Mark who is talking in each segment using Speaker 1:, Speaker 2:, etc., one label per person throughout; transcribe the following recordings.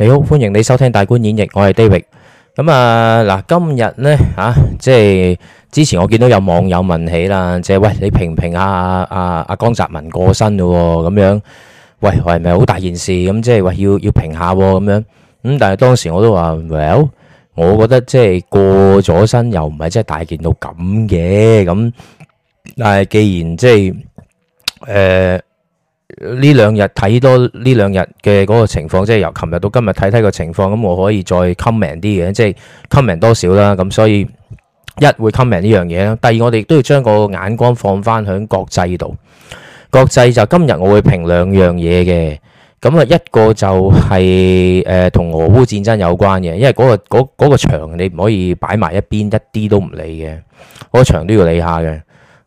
Speaker 1: 你好，歡迎你收聽大觀演繹，我係 David。咁啊嗱，今日咧吓，即係之前我見到有網友問起啦，即係喂你評評下阿阿阿江澤民過身咯咁樣，喂係咪好大件事？咁即係喂要要評下咁樣。咁但係當時我都話，Well，我覺得即係過咗身又唔係即係大件到咁嘅。咁但係既然即係誒。呢兩日睇多呢兩日嘅嗰個情況，即係由琴日到今日睇睇個情況，咁我可以再 comment 啲嘅，即係 comment 多少啦。咁所以一會 comment 呢樣嘢啦，第二我哋都要將個眼光放翻喺國際度。國際就今日我會評兩樣嘢嘅，咁啊一個就係誒同俄烏戰爭有關嘅，因為嗰個嗰嗰個場你唔可以擺埋一邊，一啲都唔理嘅，嗰場都要理下嘅。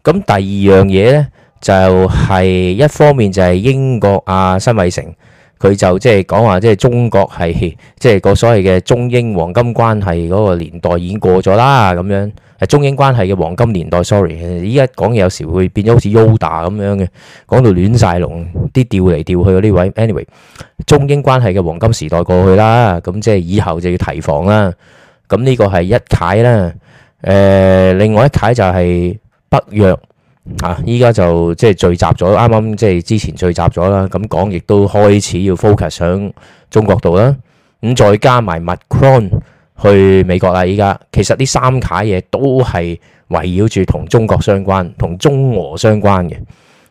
Speaker 1: 咁第二樣嘢咧。就係一方面就係英國啊，辛偉誠佢就即係講話，即係中國係即係個所謂嘅中英黃金關係嗰個年代已經過咗啦咁樣，係中英關係嘅黃金年代。sorry，依家講嘢有時會變咗好似 Yoda 咁樣嘅，講到亂曬龍，啲調嚟調去嗰啲位。anyway，中英關係嘅黃金時代過去啦，咁即係以後就要提防啦。咁呢個係一睇啦。誒，另外一睇就係北約。啊！依家就即係聚集咗，啱啱即係之前聚集咗啦。咁講亦都開始要 focus 上中國度啦。咁再加埋 Macron 去美國啦。依家其實呢三卡嘢都係圍繞住同中國相關，同中俄相關嘅。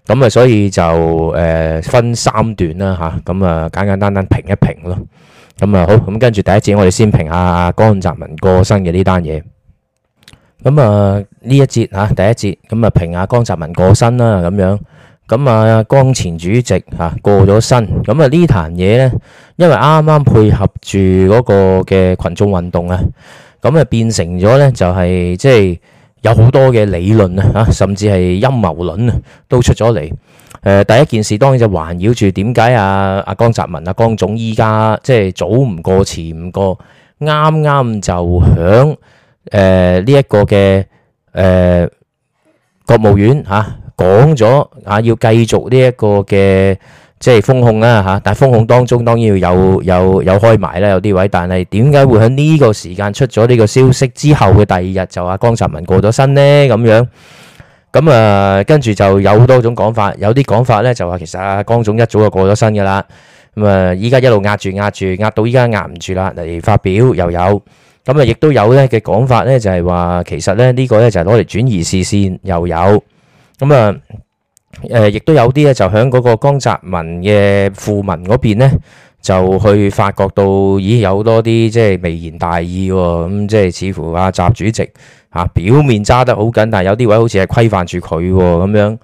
Speaker 1: 咁啊，所以就誒分三段啦，吓咁啊，簡簡單單，單評一評咯。咁啊，好咁，跟住第一節我哋先評下江澤民過身嘅呢單嘢。咁啊呢一節吓，第一節，咁啊評阿江澤民過身啦咁樣，咁啊江前主席吓，過咗身，咁啊呢壇嘢呢，因為啱啱配合住嗰個嘅群眾運動啊，咁啊變成咗呢，就係，就係即係有好多嘅理論啊，吓，甚至係陰謀論啊都出咗嚟。誒，第一件事當然就環繞住點解啊，阿江澤民阿江總依家即係早唔過遲唔過，啱啱就響。誒，呢一個嘅，誒，國務院吓講咗啊，要繼續呢一個嘅即係封控啦吓，但係封控當中當然要有有有開埋啦，有啲位，但係點解會喺呢個時間出咗呢個消息之後嘅第二日就阿江澤民過咗身呢？咁樣咁啊，跟住就有多種講法，有啲講法咧就話其實阿江總一早就過咗身噶啦，咁啊依家一路壓住壓住壓到依家壓唔住啦嚟發表又有。咁啊，亦都有咧嘅講法咧，就係話其實咧呢個咧就係攞嚟轉移視線又有，咁啊誒，亦都有啲咧就響嗰個江澤民嘅訃聞嗰邊咧，就去發覺到咦有多啲即係微言大義喎，咁即係似乎阿習主席啊表面揸得好緊，但係有啲位好似係規範住佢咁樣，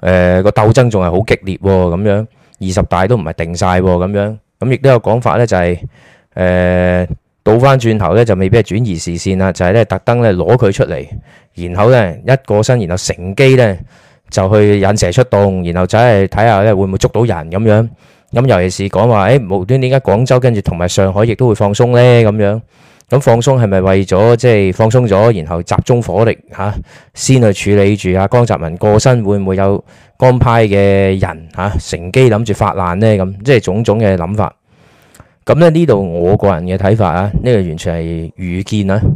Speaker 1: 誒個鬥爭仲係好激烈喎，咁樣二十大都唔係定晒喎，咁樣咁亦都有講法咧、就係，就係誒。倒翻轉頭咧就未必係轉移視線啦，就係咧特登咧攞佢出嚟，然後咧一過身，然後乘機咧就去引蛇出洞，然後就係睇下咧會唔會捉到人咁樣。咁、嗯、尤其是講話誒無端點解廣州跟住同埋上海亦都會放鬆咧咁樣？咁、嗯、放鬆係咪為咗即係放鬆咗，然後集中火力嚇、啊、先去處理住阿江澤民過身會唔會有江派嘅人嚇、啊、乘機諗住發難咧咁？即係種種嘅諗法。咁咧呢度，我個人嘅睇法啊，呢個完全係預見啊。誒、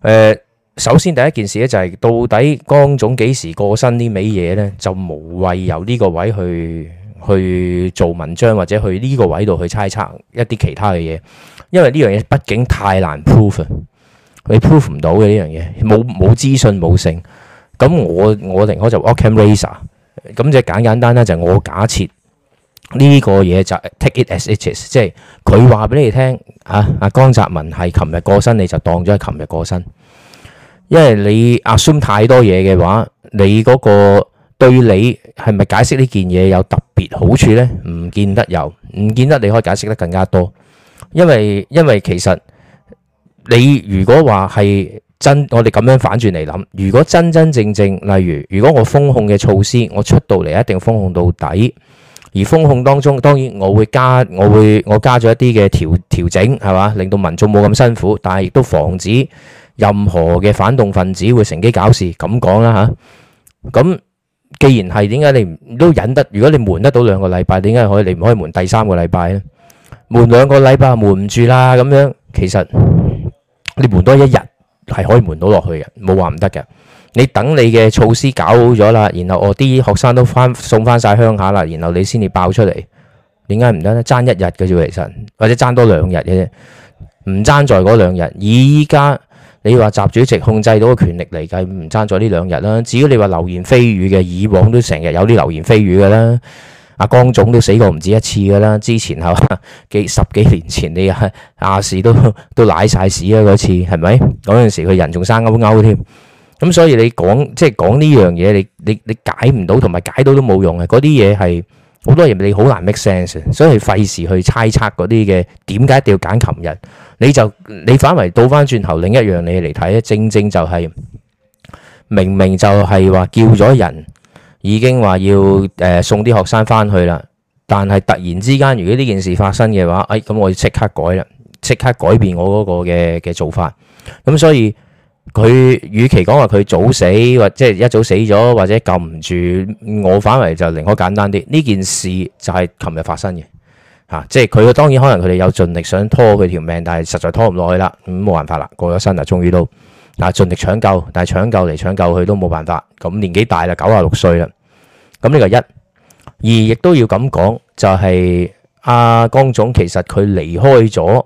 Speaker 1: 呃，首先第一件事咧就係、是、到底江總幾時過身呢？味嘢咧就無謂由呢個位去去做文章，或者去呢個位度去猜測一啲其他嘅嘢，因為呢樣嘢畢竟太難 proof 你 proof 唔到嘅呢樣嘢，冇冇資訊冇性。咁我我寧可就 Occam's razor 咁即係簡簡單單就我假設。呢個嘢就 take it as it is，即係佢話俾你聽啊。阿江澤民係琴日過身，你就當咗係琴日過身。因為你阿 s u m 太多嘢嘅話，你嗰個對你係咪解釋呢件嘢有特別好處呢？唔見得有，唔見得你可以解釋得更加多。因為因為其實你如果話係真，我哋咁樣反轉嚟諗，如果真真正，正正，例如如果我封控嘅措施，我出到嚟一定封控到底。而封控當中，當然我會加，我會我加咗一啲嘅調調整，係嘛，令到民眾冇咁辛苦，但係亦都防止任何嘅反動分子會乘機搞事。咁講啦嚇，咁既然係點解你都忍得？如果你悶得到兩個禮拜，點解你唔可以悶第三個禮拜咧？悶兩個禮拜悶唔住啦，咁樣其實你悶多一日係可以悶到落去嘅，冇話唔得嘅。你等你嘅措施搞好咗啦，然後我啲、哦、學生都翻送翻晒鄉下啦，然後你先至爆出嚟，點解唔得咧？爭一日嘅啫，其實或者爭多兩日嘅啫，唔爭在嗰兩日。而依家你話習主席控制到嘅權力嚟計，唔爭在呢兩日啦。只要你話流言蜚語嘅，以往都成日有啲流言蜚語噶啦。阿江總都死過唔止一次噶啦，之前係 十幾年前你係亞視都都瀨晒屎啊，嗰、啊啊、次係咪嗰陣時佢人仲生勾勾添？咁、嗯、所以你講即係講呢樣嘢，你你你解唔到，同埋解到都冇用嘅。嗰啲嘢，係好多人你好難 make sense。所以費事去猜測嗰啲嘅點解一定要揀琴日？你就你反為倒翻轉頭，另一樣你嚟睇咧，正正就係、是、明明就係話叫咗人，已經話要誒送啲學生翻去啦。但係突然之間，如果呢件事發生嘅話，誒、哎、咁我即刻改啦，即刻改變我嗰個嘅嘅做法。咁、嗯、所以。佢與其講話佢早死或即係一早死咗，或者救唔住，我反為就寧可簡單啲呢件事就係琴日發生嘅嚇、啊，即係佢當然可能佢哋有盡力想拖佢條命，但係實在拖唔落去啦，咁、嗯、冇辦法啦，過咗身啦，終於都嗱盡力搶救，但係搶救嚟搶救去都冇辦法，咁年紀大啦，九啊六歲九十六歲啦，咁呢個一二亦都要咁講，就係、是、阿、啊、江總其實佢離開咗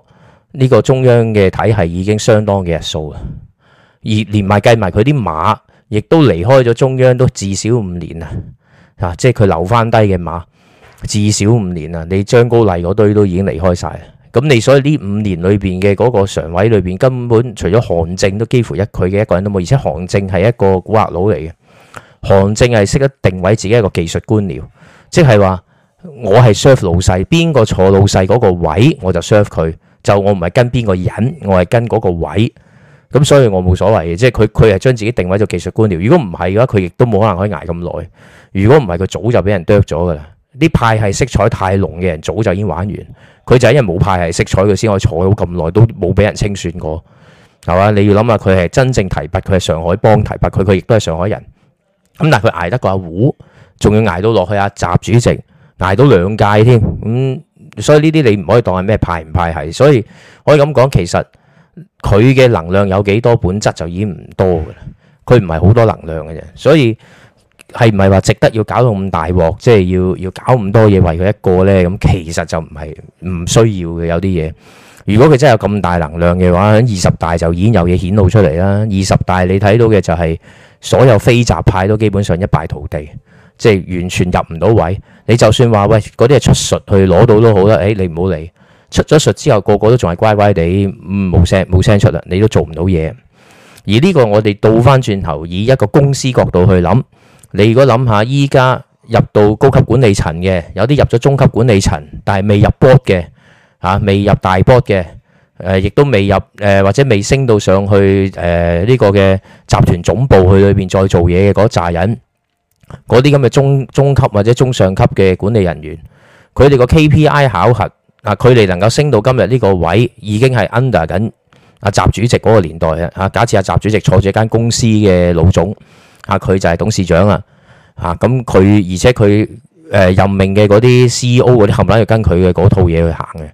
Speaker 1: 呢個中央嘅體系已經相當嘅日數啦。而連埋計埋佢啲馬，亦都離開咗中央，都至少五年啊！啊，即係佢留翻低嘅馬，至少五年啊！你張高麗嗰堆都已經離開晒。咁你所以呢五年裏邊嘅嗰個常委裏邊，根本除咗韓正都幾乎一佢嘅一個人都冇，而且韓正係一個古惑佬嚟嘅，韓正係識得定位自己一個技術官僚，即係話我係 serve 老細，邊個坐老細嗰個位我就 serve 佢，就我唔係跟邊個人，我係跟嗰個位。咁所以我冇所謂嘅，即係佢佢係將自己定位做技術官僚。如果唔係嘅話，佢亦都冇可能可以捱咁耐。如果唔係，佢早就俾人啄咗㗎喇。啲派系色彩太濃嘅人，早就已經玩完。佢就係因為冇派系色彩，佢先可以坐到咁耐，都冇俾人清算過，係嘛？你要諗下，佢係真正提拔，佢係上海幫提拔佢，佢亦都係上海人。咁但係佢捱得過阿胡，仲要捱到落去阿習主席捱，捱到兩屆添。咁所以呢啲你唔可以當係咩派唔派係，所以可以咁講，其實。佢嘅能量有幾多，本質就已經唔多噶啦。佢唔係好多能量嘅啫，所以係唔係話值得要搞到咁大鑊，即係要要搞咁多嘢為佢一個呢，咁其實就唔係唔需要嘅有啲嘢。如果佢真係有咁大能量嘅話，二十大就已經有嘢顯露出嚟啦。二十大你睇到嘅就係所有非習派都基本上一敗塗地，即係完全入唔到位。你就算話喂嗰啲係出術去攞到都好啦，誒、哎、你唔好理。出咗術之後，個個都仲係乖乖地冇聲冇聲出啦，你都做唔到嘢。而呢個我哋倒翻轉頭，以一個公司角度去諗，你如果諗下依家入到高級管理層嘅，有啲入咗中級管理層，但係未入 board 嘅，嚇未入大 board 嘅，誒亦都未入誒或者未升到上去誒呢個嘅集團總部去裏邊再做嘢嘅嗰扎人，嗰啲咁嘅中中級或者中上級嘅管理人員，佢哋個 KPI 考核。啊，佢哋能夠升到今日呢個位，已經係 under 緊阿習主席嗰個年代啦！嚇，假設阿習主席坐住間公司嘅老總，啊，佢就係董事長啦，嚇咁佢而且佢誒任命嘅嗰啲 CEO 嗰啲冚唥要跟佢嘅嗰套嘢去行嘅，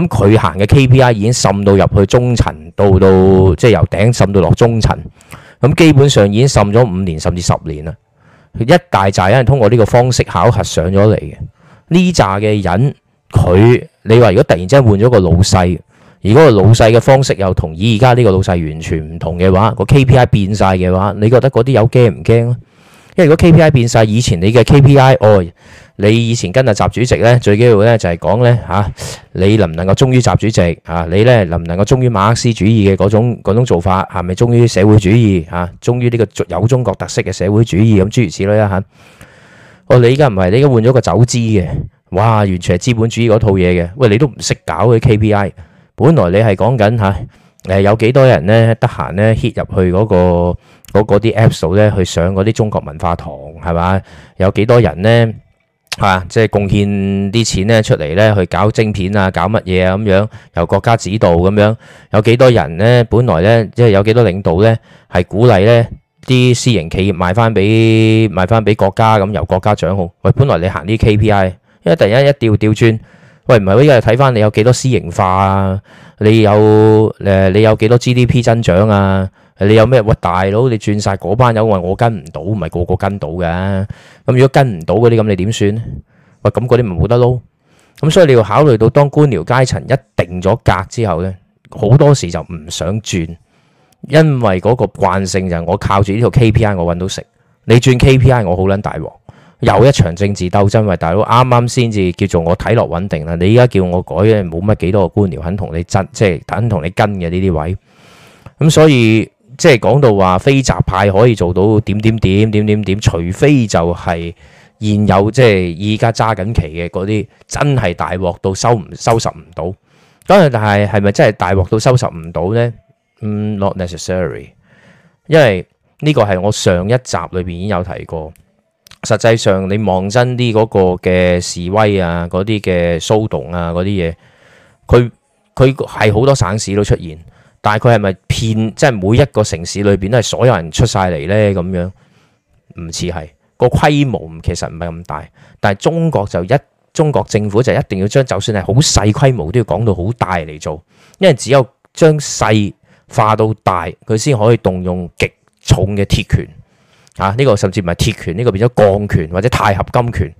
Speaker 1: 咁佢行嘅 KPI 已經滲到入去中層，到到即係、就是、由頂滲到落中層，咁基本上已經滲咗五年甚至十年啦。一大扎人通過呢個方式考核上咗嚟嘅，呢扎嘅人佢。你話如果突然之間換咗個老細，如果個老細嘅方式又同而家呢個老細完全唔同嘅話，個 KPI 變晒嘅話，你覺得嗰啲有驚唔驚？因為如果 KPI 變晒，以前你嘅 KPI，哦，你以前跟阿習主席咧，最緊要咧就係講咧吓，你能唔能夠忠於習主席啊？你咧能唔能夠忠於馬克思主義嘅嗰種嗰種做法，係咪忠於社會主義啊？忠於呢個有中國特色嘅社會主義咁諸如此類啊吓？哦，你而家唔係，你依家換咗個走資嘅。哇！完全係資本主義嗰套嘢嘅。喂！你都唔識搞啲 K P I，本來你係講緊嚇誒，有幾多人咧得閒咧 hit 入去嗰個嗰嗰啲 Apps 度咧去上嗰啲中國文化堂係嘛？有幾多人咧嚇，即係貢獻啲錢咧出嚟咧去搞晶片啊，搞乜嘢啊，咁樣由國家指導咁樣。有幾多人咧？本來咧即係有幾多領導咧係鼓勵咧啲私營企業賣翻俾賣翻俾國家咁，由國家掌控。喂，本來你行啲 K P I。因為突然一調調轉，喂唔係，依家係睇翻你有幾多私營化啊？你有誒？你有幾多 GDP 增長啊？你有咩？喂大佬，你轉晒嗰班友，我跟唔到，唔係個個跟到嘅。咁如果跟唔到嗰啲，咁你點算咧？喂，咁嗰啲咪冇得撈。咁所以你要考慮到，當官僚階層一定咗格之後咧，好多時就唔想轉，因為嗰個慣性就係我靠住呢套 KPI 我搵到食，你轉 KPI 我好捻大鑊。又一場政治鬥爭，位大佬啱啱先至叫做我睇落穩定啦。你依家叫我改，冇乜幾多個官僚肯同你爭，即係肯同你跟嘅呢啲位。咁所以即係講到話非習派可以做到點點點點點點，除非就係現有即係而家揸緊旗嘅嗰啲真係大鑊到收唔收拾唔到。當然，但係係咪真係大鑊到收拾唔到呢？嗯 not necessary，因為呢個係我上一集裏邊已經有提過。實際上，你望真啲嗰個嘅示威啊，嗰啲嘅騷動啊，嗰啲嘢，佢佢係好多省市都出現，但係佢係咪騙，即係每一個城市裏邊都係所有人出晒嚟呢？咁樣？唔似係個規模其實唔係咁大，但係中國就一中國政府就一定要將就算係好細規模都要講到好大嚟做，因為只有將細化到大，佢先可以動用極重嘅鐵拳。啊！呢個甚至唔係鐵拳，呢個變咗鋼拳或者鈦合金拳，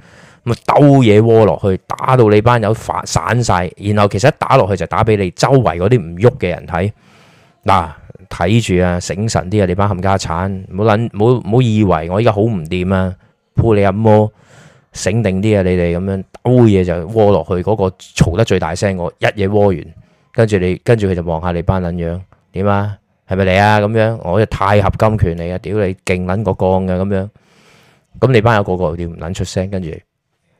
Speaker 1: 咁啊兜嘢窩落去，打到你班友散晒。然後其實一打落去就打俾你周圍嗰啲唔喐嘅人睇。嗱、啊，睇住啊，醒神啲啊，你班冚家鏟，唔好諗，唔好以為我依家好唔掂啊，扑你暗窩，醒定啲啊，你哋咁樣兜嘢就窩落去，嗰個嘈得最大聲我一嘢窩完，跟住你跟住佢就望下你班捻樣，點啊？係咪你啊？咁樣，我就鈦合金拳嚟啊！屌你，勁捻過鋼嘅咁樣。咁你班友個個屌唔捻出聲，跟住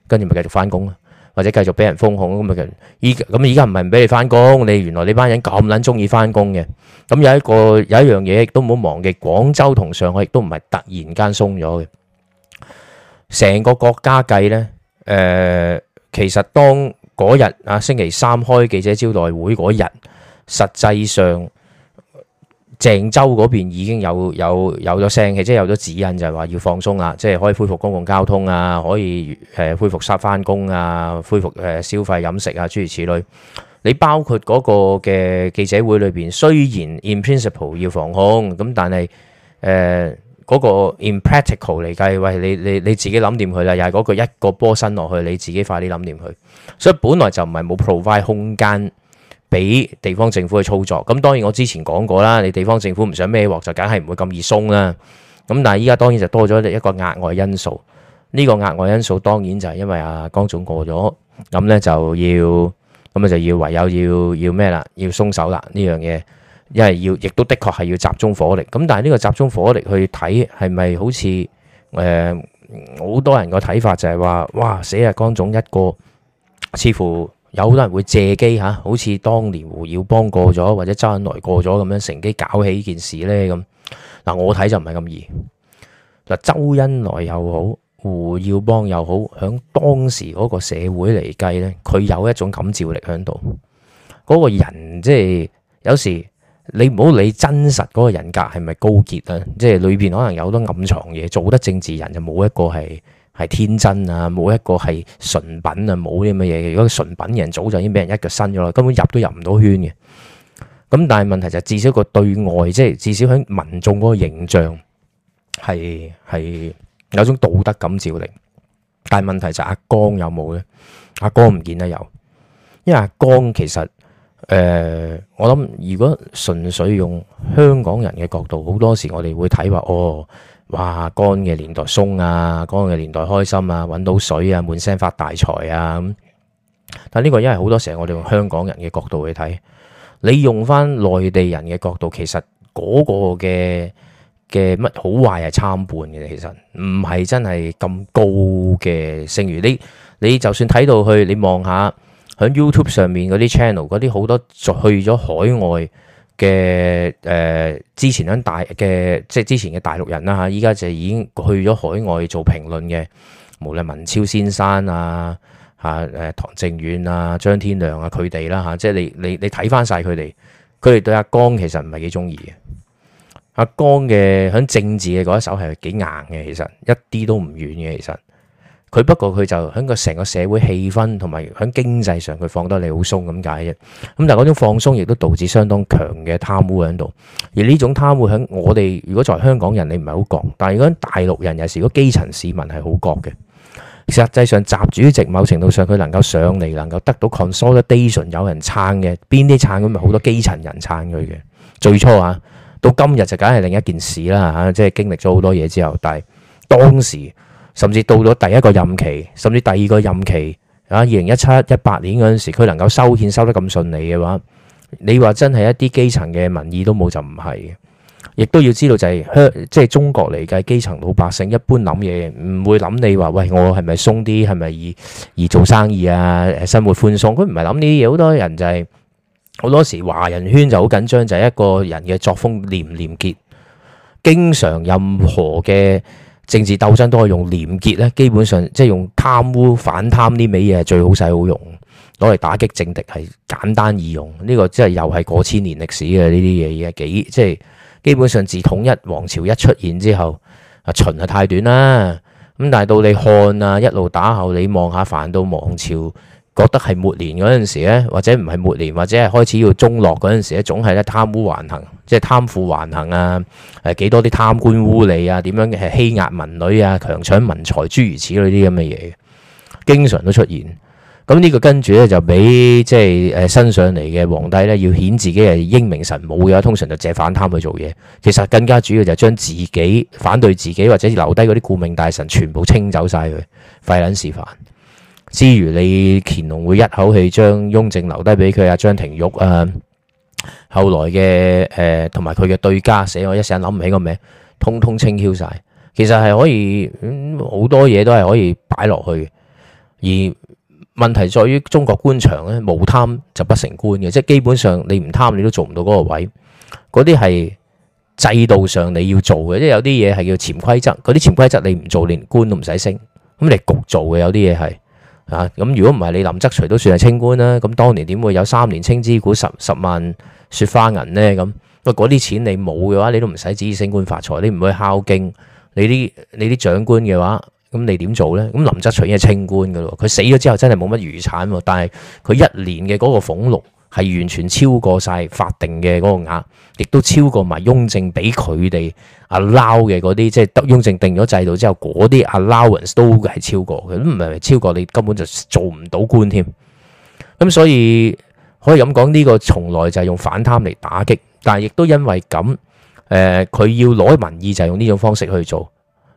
Speaker 1: 跟住咪繼續翻工咯，或者繼續俾人封控咁咪。依咁依家唔係唔俾你翻工，你原來呢班人咁捻中意翻工嘅。咁有一個有一樣嘢，亦都唔好忘記，廣州同上海亦都唔係突然間鬆咗嘅。成個國家計咧，誒，其實當嗰日啊，星期三開記者招待會嗰日，實際上。鄭州嗰邊已經有有有咗聲氣，即係有咗指引，就係話要放鬆啦，即係可以恢復公共交通啊，可以誒恢復返工啊，恢復誒消費飲食啊，諸如此類。你包括嗰個嘅記者會裏邊，雖然 in principle 要防控，咁但係誒嗰個 impractical 嚟計，喂，你你你自己諗掂佢啦，又係嗰句一個波伸落去，你自己快啲諗掂佢，所以本來就唔係冇 provide 空間。俾地方政府去操作，咁當然我之前講過啦，你地方政府唔想孭鑊，就梗係唔會咁易鬆啦。咁但係依家當然就多咗一個額外因素，呢個額外因素當然就係因為阿江總過咗，咁呢就要，咁啊就要唯有要要咩啦，要鬆手啦呢樣嘢，因為要亦都的確係要集中火力。咁但係呢個集中火力去睇係咪好似誒好多人個睇法就係話，哇！死阿江總一個，似乎。有好多人會借機嚇，好似當年胡耀邦過咗或者周恩來過咗咁樣，乘機搞起呢件事呢。咁。嗱，我睇就唔係咁易。嗱，周恩來又好，胡耀邦又好，響當時嗰個社會嚟計呢，佢有一種感召力喺度。嗰、嗰個人即係、就是、有時你唔好理真實嗰個人格係咪高潔啦，即係裏邊可能有好多暗藏嘢。做得政治人就冇一個係。係天真啊，冇一個係純品啊，冇啲咁嘅嘢。如果純品嘅人，早就已經俾人一腳伸咗啦，根本入都入唔到圈嘅。咁但係問題就係，至少個對外，即係至少喺民眾嗰個形象，係係有種道德感召力。但係問題就阿江有冇咧？阿江唔見得有，因為阿江其實誒、呃，我諗如果純粹用香港人嘅角度，好多時我哋會睇話，哦。哇！幹嘅年代鬆啊，幹嘅年代開心啊，揾到水啊，滿聲發大財啊咁。但呢個因為好多時候我哋用香港人嘅角度去睇，你用翻內地人嘅角度，其實嗰個嘅嘅乜好壞係參半嘅。其實唔係真係咁高嘅聲譽。你你就算睇到去，你望下喺 YouTube 上面嗰啲 channel，嗰啲好多去咗海外。嘅誒、呃，之前響大嘅即係之前嘅大陸人啦嚇，依家就已經去咗海外做評論嘅，無論文超先生啊、嚇、啊、誒、啊、唐正遠啊、張天亮啊佢哋啦嚇，即係你你你睇翻晒佢哋，佢哋對阿江其實唔係幾中意嘅，阿江嘅響政治嘅嗰一手係幾硬嘅，其實一啲都唔軟嘅，其實。佢不過佢就喺個成個社會氣氛同埋喺經濟上佢放得你好鬆咁解啫，咁但係嗰種放鬆亦都導致相當強嘅貪污喺度。而呢種貪污喺我哋如果在香港人，你唔係好覺；但係如果喺大陸人，尤其是嗰基層市民係好覺嘅。實際上，習主席某程度上佢能夠上嚟，能夠得到 consolidation，有人撐嘅，邊啲撐咁咪好多基層人撐佢嘅。最初啊，到今日就梗係另一件事啦、啊、嚇，即係經歷咗好多嘢之後，但係當時。甚至到咗第一個任期，甚至第二個任期啊！二零一七、一八年嗰陣時，佢能夠修憲修得咁順利嘅話，你話真係一啲基層嘅民意都冇就唔係嘅。亦都要知道就係香，即係中國嚟計，基層老百姓一般諗嘢唔會諗你話喂，我係咪鬆啲，係咪而而做生意啊，生活寬鬆。佢唔係諗呢啲嘢，好多人就係好多時華人圈就好緊張，就係一個人嘅作風廉唔廉潔，經常任何嘅。政治鬥爭都可以用廉潔咧，基本上即係用貪污反貪呢味嘢係最好使好用，攞嚟打擊政敵係簡單易用。呢、這個即係又係過千年歷史嘅呢啲嘢嘢，幾即係基本上自統一王朝一出現之後，啊秦係太短啦，咁但係到你漢啊一路打後，你望下反到王朝。覺得係末年嗰陣時咧，或者唔係末年，或者係開始要中落嗰陣時咧，總係咧貪污橫行，即係貪腐橫行啊！誒幾多啲貪官污吏啊？點樣係欺壓民女啊？強搶民財，諸如此類啲咁嘅嘢，經常都出現。咁呢個跟住咧就俾即係誒新上嚟嘅皇帝咧，要顯自己係英明神武嘅，通常就借反貪去做嘢。其實更加主要就將自己反對自己，或者留低嗰啲顧命大臣全部清走晒佢，廢人示範。之餘，你乾隆會一口氣將雍正留低俾佢啊？張廷玉啊，後來嘅誒同埋佢嘅對家，寫我一時諗唔起個名，通通清消曬。其實係可以好多嘢都係可以擺落去嘅。而問題在於中國官場咧，冇貪就不成官嘅，即係基本上你唔貪，你都做唔到嗰個位。嗰啲係制度上你要做嘅，即係有啲嘢係叫潛規則。嗰啲潛規則你唔做，連官都唔使升，咁你焗做嘅。有啲嘢係。啊，咁如果唔係你林則徐都算係清官啦，咁當年點會有三年清之股十十萬雪花銀呢？咁喂，嗰啲錢你冇嘅話，你都唔使指意升官發財，你唔去敲經你，你啲你啲長官嘅話，咁你點做呢？咁林則徐已經係清官噶咯，佢死咗之後真係冇乜餘產，但係佢一年嘅嗰個俸禄，係完全超過晒法定嘅嗰個額，亦都超過埋雍正俾佢哋 allow 嘅嗰啲，即係得雍正定咗制度之後，嗰啲 allowance 都係超過，佢都唔係超過，你根本就做唔到官添。咁所以可以咁講，呢、這個從來就係用反貪嚟打擊，但係亦都因為咁，誒、呃、佢要攞民意就係用呢種方式去做，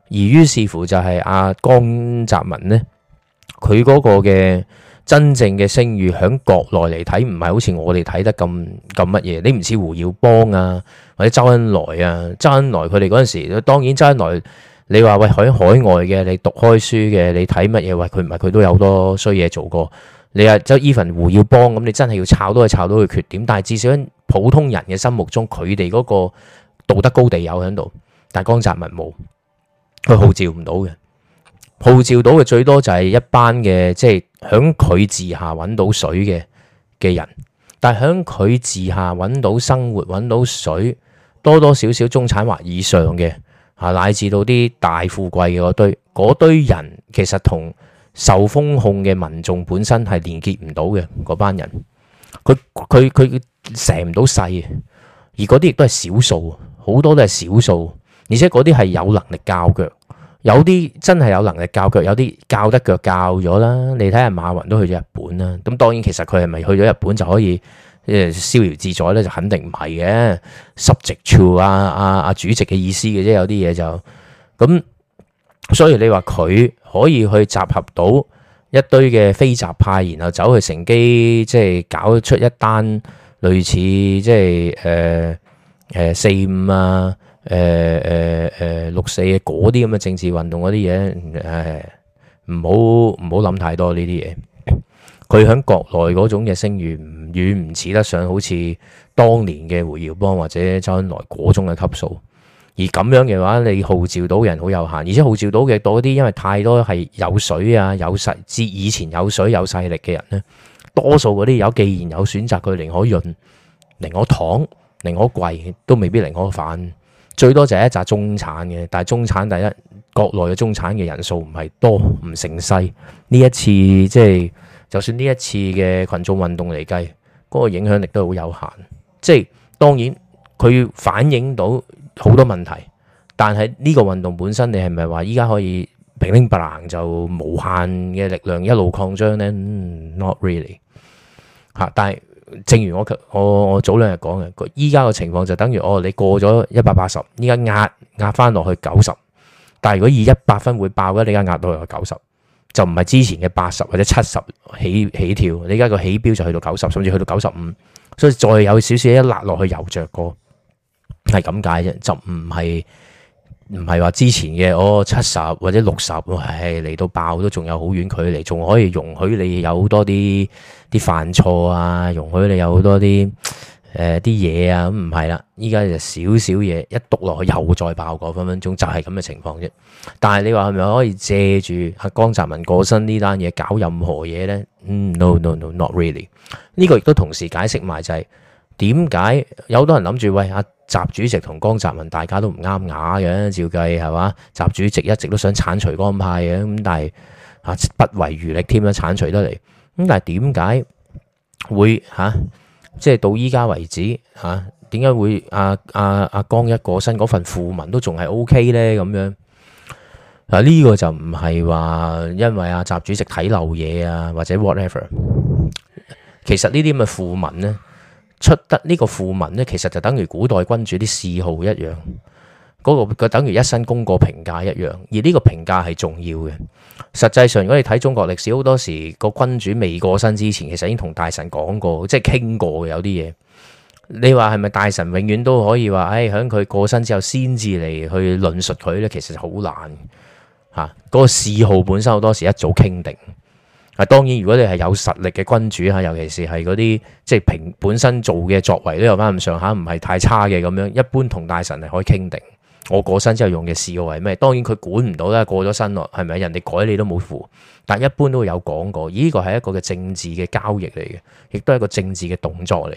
Speaker 1: 而於是乎就係阿、啊、江澤民呢，佢嗰個嘅。真正嘅聲譽喺國內嚟睇，唔係好似我哋睇得咁咁乜嘢。你唔似胡耀邦啊，或者周恩來啊，周恩來佢哋嗰陣時，當然周恩來你。你話喂喺海外嘅，你讀開書嘅，你睇乜嘢？喂，佢唔係佢都有好多衰嘢做過。你啊，周係 e 胡耀邦咁，你真係要炒都係炒到佢缺點。但係至少喺普通人嘅心目中，佢哋嗰個道德高地有喺度，但係江澤文冇，佢號召唔到嘅。號召到嘅最多就係一班嘅，即係喺佢治下揾到水嘅嘅人，但係喺佢治下揾到生活、揾到水，多多少少中產或以上嘅，啊乃至到啲大富貴嘅嗰堆，嗰堆人其實同受封控嘅民眾本身係連結唔到嘅嗰班人，佢佢佢成唔到勢，而嗰啲亦都係少數，好多都係少數，而且嗰啲係有能力較腳。有啲真係有能力教腳，有啲教得腳教咗啦。你睇下馬雲都去咗日本啦。咁當然其實佢係咪去咗日本就可以誒逍遙自在呢？就肯定唔係嘅。十席處啊啊啊主席嘅意思嘅啫，有啲嘢就咁、嗯。所以你話佢可以去集合到一堆嘅非習派，然後走去乘機即係搞出一單類似即係誒誒四五啊。誒誒誒六四嗰啲咁嘅政治運動嗰啲嘢，誒唔好唔好諗太多呢啲嘢。佢喺國內嗰種嘅聲譽，遠唔似得上好似當年嘅胡耀邦或者周恩來嗰種嘅級數。而咁樣嘅話，你號召到人好有限，而且號召到嘅多啲，因為太多係有水啊有勢，至以前有水有勢力嘅人咧，多數嗰啲有既然有選擇，佢寧可潤，寧可躺，寧可跪，都未必寧可反。最多就係一扎中產嘅，但係中產第一國內嘅中產嘅人數唔係多，唔成勢。呢一次即係、就是、就算呢一次嘅群眾運動嚟計，嗰、那個影響力都好有限。即、就、係、是、當然佢反映到好多問題，但係呢個運動本身，你係咪話依家可以平平白白就無限嘅力量一路擴張呢，嗯？Not really。嚇，但係。正如我我早兩日講嘅，依家嘅情況就等於哦，你過咗一百八十，依家壓壓翻落去九十，但係如果以一百分會爆嘅，你依家壓到落去九十，就唔係之前嘅八十或者七十起起跳，你依家個起標就去到九十，甚至去到九十五，所以再有少少一落落去又着過，係咁解啫，就唔係唔係話之前嘅哦七十或者六十，係嚟到爆都仲有好遠距離，仲可以容許你有多啲。啲犯錯啊，容許你有好多啲誒啲嘢啊，咁唔係啦，依家就少少嘢一篤落去又再爆過，分分鐘就係咁嘅情況啫。但係你話係咪可以借住江澤民過身呢單嘢搞任何嘢呢？No no no not really。呢個亦都同時解釋埋就係點解有好多人諗住喂，阿習主席同江澤民大家都唔啱牙嘅，照計係嘛？習主席一直都想剷除江派嘅，咁但係啊不遺餘力添啦，剷除得嚟。咁但係點解會吓，即係到依家為止吓，點解會阿阿阿江一過身嗰份訃文都仲係 O K 咧咁樣？嗱呢個就唔係話因為阿習主席睇漏嘢啊，或者 whatever。其實呢啲咁嘅訃文咧，出得個呢個訃文咧，其實就等於古代君主啲嗜好一樣。嗰個個等於一身功過評價一樣，而呢個評價係重要嘅。實際上，如果你睇中國歷史，好多時個君主未過身之前，其實已經同大臣講過，即係傾過嘅有啲嘢。你話係咪大臣永遠都可以話，誒響佢過身之後先至嚟去論述佢呢？其實好難嚇。啊，嗰個嗜好本身好多時一早傾定。啊，當然如果你係有實力嘅君主嚇，啊，尤其是係嗰啲即係平本身做嘅作為都有翻咁上下，啊，唔係太差嘅咁樣，一般同大臣係可以傾定。我過身之後用嘅諡號係咩？當然佢管唔到啦，過咗身咯，係咪？人哋改你都冇符，但一般都有講過。呢個係一個嘅政治嘅交易嚟嘅，亦都係一個政治嘅動作嚟。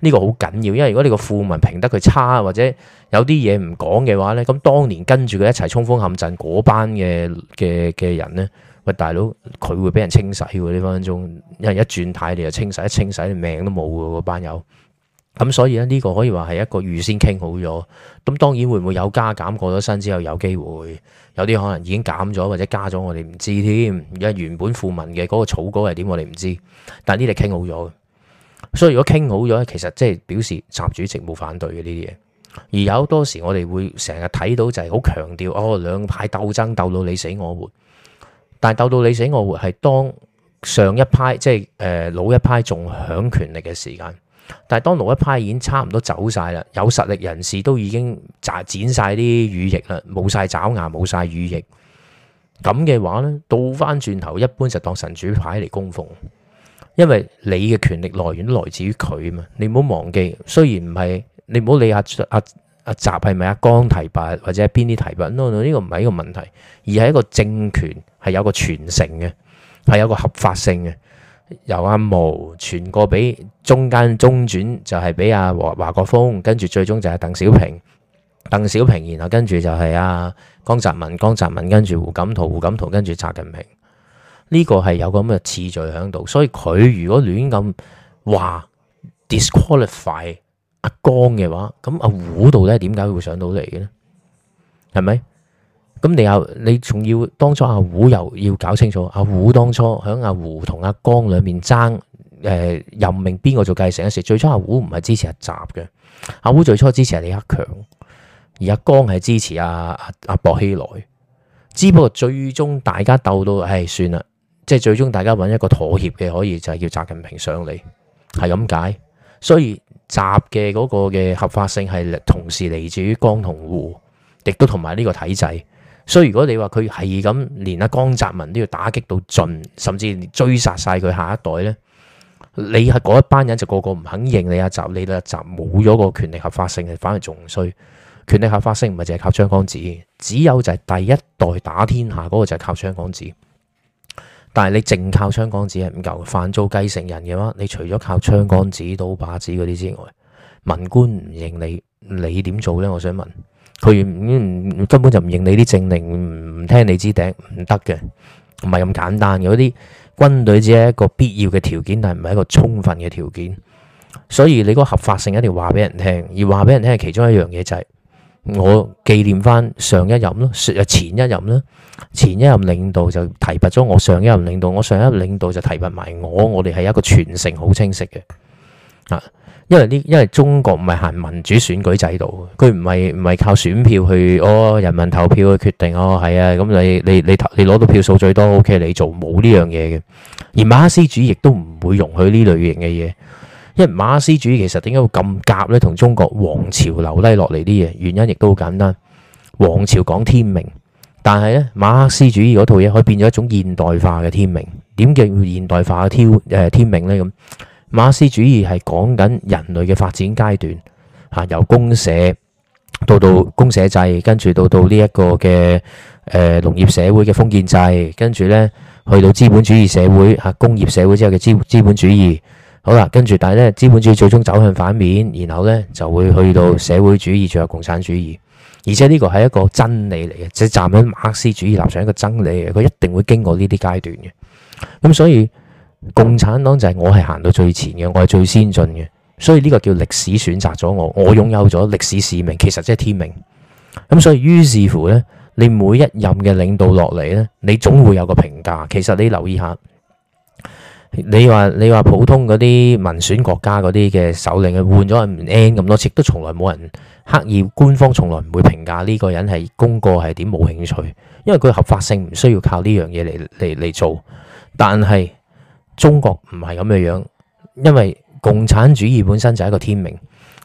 Speaker 1: 呢、這個好緊要，因為如果你個訃文評得佢差，或者有啲嘢唔講嘅話呢，咁當年跟住佢一齊衝鋒陷陣嗰班嘅嘅嘅人呢，喂大佬，佢會俾人清洗喎呢分鐘，因為一轉軚你就清洗，一清洗你命都冇噶嗰班友。咁、嗯、所以咧，呢個可以話係一個預先傾好咗。咁當然會唔會有加減過？過咗身之後有機會，會，有啲可能已經減咗或者加咗，我哋唔知添。而家原本富民嘅嗰個草稿係點，我哋唔知。但呢啲傾好咗，所以如果傾好咗，其實即係表示習主席冇反對嘅呢啲嘢。而有多時我哋會成日睇到就係好強調，哦兩派鬥爭鬥到你死我活，但係鬥到你死我活係當上一派即係誒、呃、老一派仲享權力嘅時間。但係當老一派已經差唔多走晒啦，有實力人士都已經斬剪晒啲羽翼啦，冇晒爪牙，冇晒羽翼。咁嘅話呢，倒翻轉頭，一般就當神主牌嚟供奉，因為你嘅權力來源都來自於佢啊嘛。你唔好忘記，雖然唔係，你唔好理阿阿阿習係咪阿江提拔，或者邊啲提拔，呢、no, no, 個唔係一個問題，而係一個政權，係有個傳承嘅，係有個合法性嘅。由阿毛傳過俾中間中轉，就係俾阿華國鋒，跟住最終就係鄧小平。鄧小平，然後跟住就係阿江澤民，江澤民跟住胡錦濤，胡錦濤跟住習近平。呢個係有個咁嘅次序喺度，所以佢如果亂咁話 disqualify 阿江嘅話，咁阿胡到底係點解會上到嚟嘅呢？係咪？咁你又，你仲要當初阿胡又要搞清楚，阿胡當初喺阿胡同阿江裏面爭，誒任命邊個做繼承一時，最初阿胡唔係支持阿習嘅，阿胡最初支持係李克強，而阿江係支持阿阿阿薄熙來，只不過最終大家鬥到誒、哎、算啦，即係最終大家揾一個妥協嘅，可以就係叫習近平上嚟，係咁解，所以習嘅嗰個嘅合法性係同時嚟自於江同胡，亦都同埋呢個體制。所以如果你話佢係咁連阿江澤民都要打擊到盡，甚至連追殺晒佢下一代呢？你係嗰一班人就個個唔肯認你阿習，你阿習冇咗個權力合法性，反而仲衰。權力合法性唔係淨係靠槍桿子，只有就係第一代打天下嗰個就係靠槍桿子。但係你淨靠槍桿子係唔夠，凡做繼承人嘅話，你除咗靠槍桿子、刀把子嗰啲之外，文官唔認你，你點做呢？我想問。佢根本就唔認你啲政令，唔聽你支頂，唔得嘅，唔係咁簡單嘅。嗰啲軍隊只係一個必要嘅條件，但係唔係一個充分嘅條件。所以你嗰個合法性一定要話俾人聽，而話俾人聽係其中一樣嘢就係我紀念翻上一任咯，誒前一任啦，前一任領導就提拔咗我上一任領導，我上一任領導就提拔埋我，我哋係一個傳承好清晰嘅啊。因為呢，因為中國唔係行民主選舉制度，佢唔係唔係靠選票去哦，人民投票去決定哦，係啊，咁你你你你攞到票數最多，OK，你做冇呢樣嘢嘅。而馬克思主義亦都唔會容許呢類型嘅嘢，因為馬克思主義其實點解會咁夾咧？同中國王朝留低落嚟啲嘢，原因亦都好簡單。王朝講天命，但係咧馬克思主義嗰套嘢，可以變咗一種現代化嘅天命。點叫現代化嘅天誒天命咧咁？馬克思主義係講緊人類嘅發展階段，吓由公社到到公社制，跟住到到呢一個嘅誒農業社會嘅封建制，跟住呢去到資本主義社會吓工業社會之後嘅資資本主義，好啦，跟住但係咧資本主義最終走向反面，然後呢就會去到社會主義，仲有共產主義，而且呢個係一個真理嚟嘅，即係站喺馬克思主義立場一個真理，佢一定會經過呢啲階段嘅，咁所以。共產黨就係我係行到最前嘅，我係最先進嘅，所以呢個叫歷史選擇咗我，我擁有咗歷史使命，其實即係天命。咁所以於是乎呢，你每一任嘅領導落嚟呢，你總會有個評價。其實你留意下，你話你話普通嗰啲民選國家嗰啲嘅首領啊，換咗唔 n 咁多次，都從來冇人刻意官方從來唔會評價呢個人係功過係點，冇興趣，因為佢合法性唔需要靠呢樣嘢嚟嚟嚟做，但係。中國唔係咁嘅樣，因為共產主義本身就係一個天命，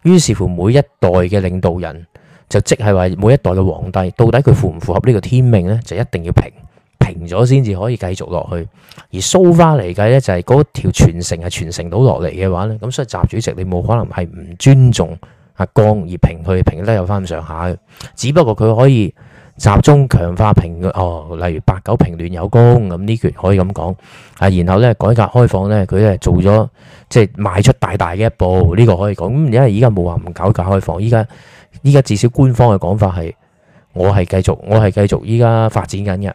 Speaker 1: 於是乎每一代嘅領導人就即係話每一代嘅皇帝，到底佢符唔符合呢個天命呢？就一定要評，評咗先至可以繼續落去。而蘇花嚟計呢，就係嗰條傳承係傳承到落嚟嘅話呢。咁所以習主席你冇可能係唔尊重阿江而評佢，評得有翻咁上下嘅，只不過佢可以。集中強化平哦，例如八九平亂有功咁呢橛可以咁講啊，然後咧改革開放咧佢咧做咗即係邁出大大嘅一步，呢個可以講，因為而家依家冇話唔搞改革開放，依家依家至少官方嘅講法係我係繼續我係繼續依家發展緊嘅。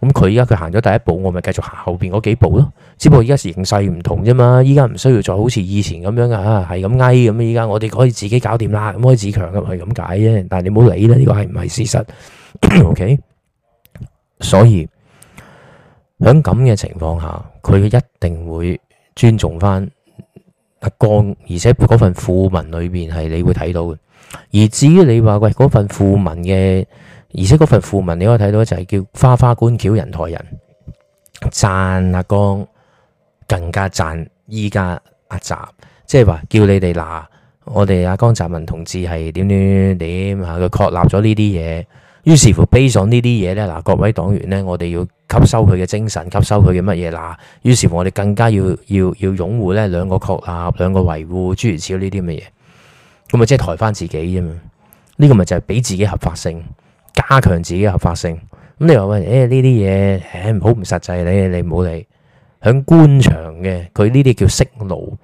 Speaker 1: 咁佢而家佢行咗第一步，我咪繼續行後邊嗰幾步咯。只不過勢不而家形勢唔同啫嘛，依家唔需要再好似以前咁樣噶吓，係咁哀咁啊！依家我哋可以自己搞掂啦，可以自強咁，去咁解啫。但係你唔好理啦，呢個係唔係事實 ？O、okay? K，所以喺咁嘅情況下，佢一定會尊重翻阿江，而且嗰份訃聞裏邊係你會睇到嘅。而至於你話喂嗰份訃聞嘅，而且嗰份訃文你可以睇到，就係叫花花轎子人抬人，讚阿江，更加讚依家阿習，即係話叫你哋嗱，我哋阿江澤民同志係點點點啊，佢確立咗呢啲嘢，於是乎 based on 呢啲嘢咧嗱，各位黨員咧，我哋要吸收佢嘅精神，吸收佢嘅乜嘢嗱，於是乎我哋更加要要要擁護咧兩個確立兩個維護諸如此類呢啲乜嘢，咁咪即係抬翻自己啫嘛？呢、這個咪就係俾自己合法性。加強自己嘅合法性。咁你話喂，誒、呢啲嘢，好唔、欸、實際，你你唔好理。響官場嘅，佢呢啲叫識路，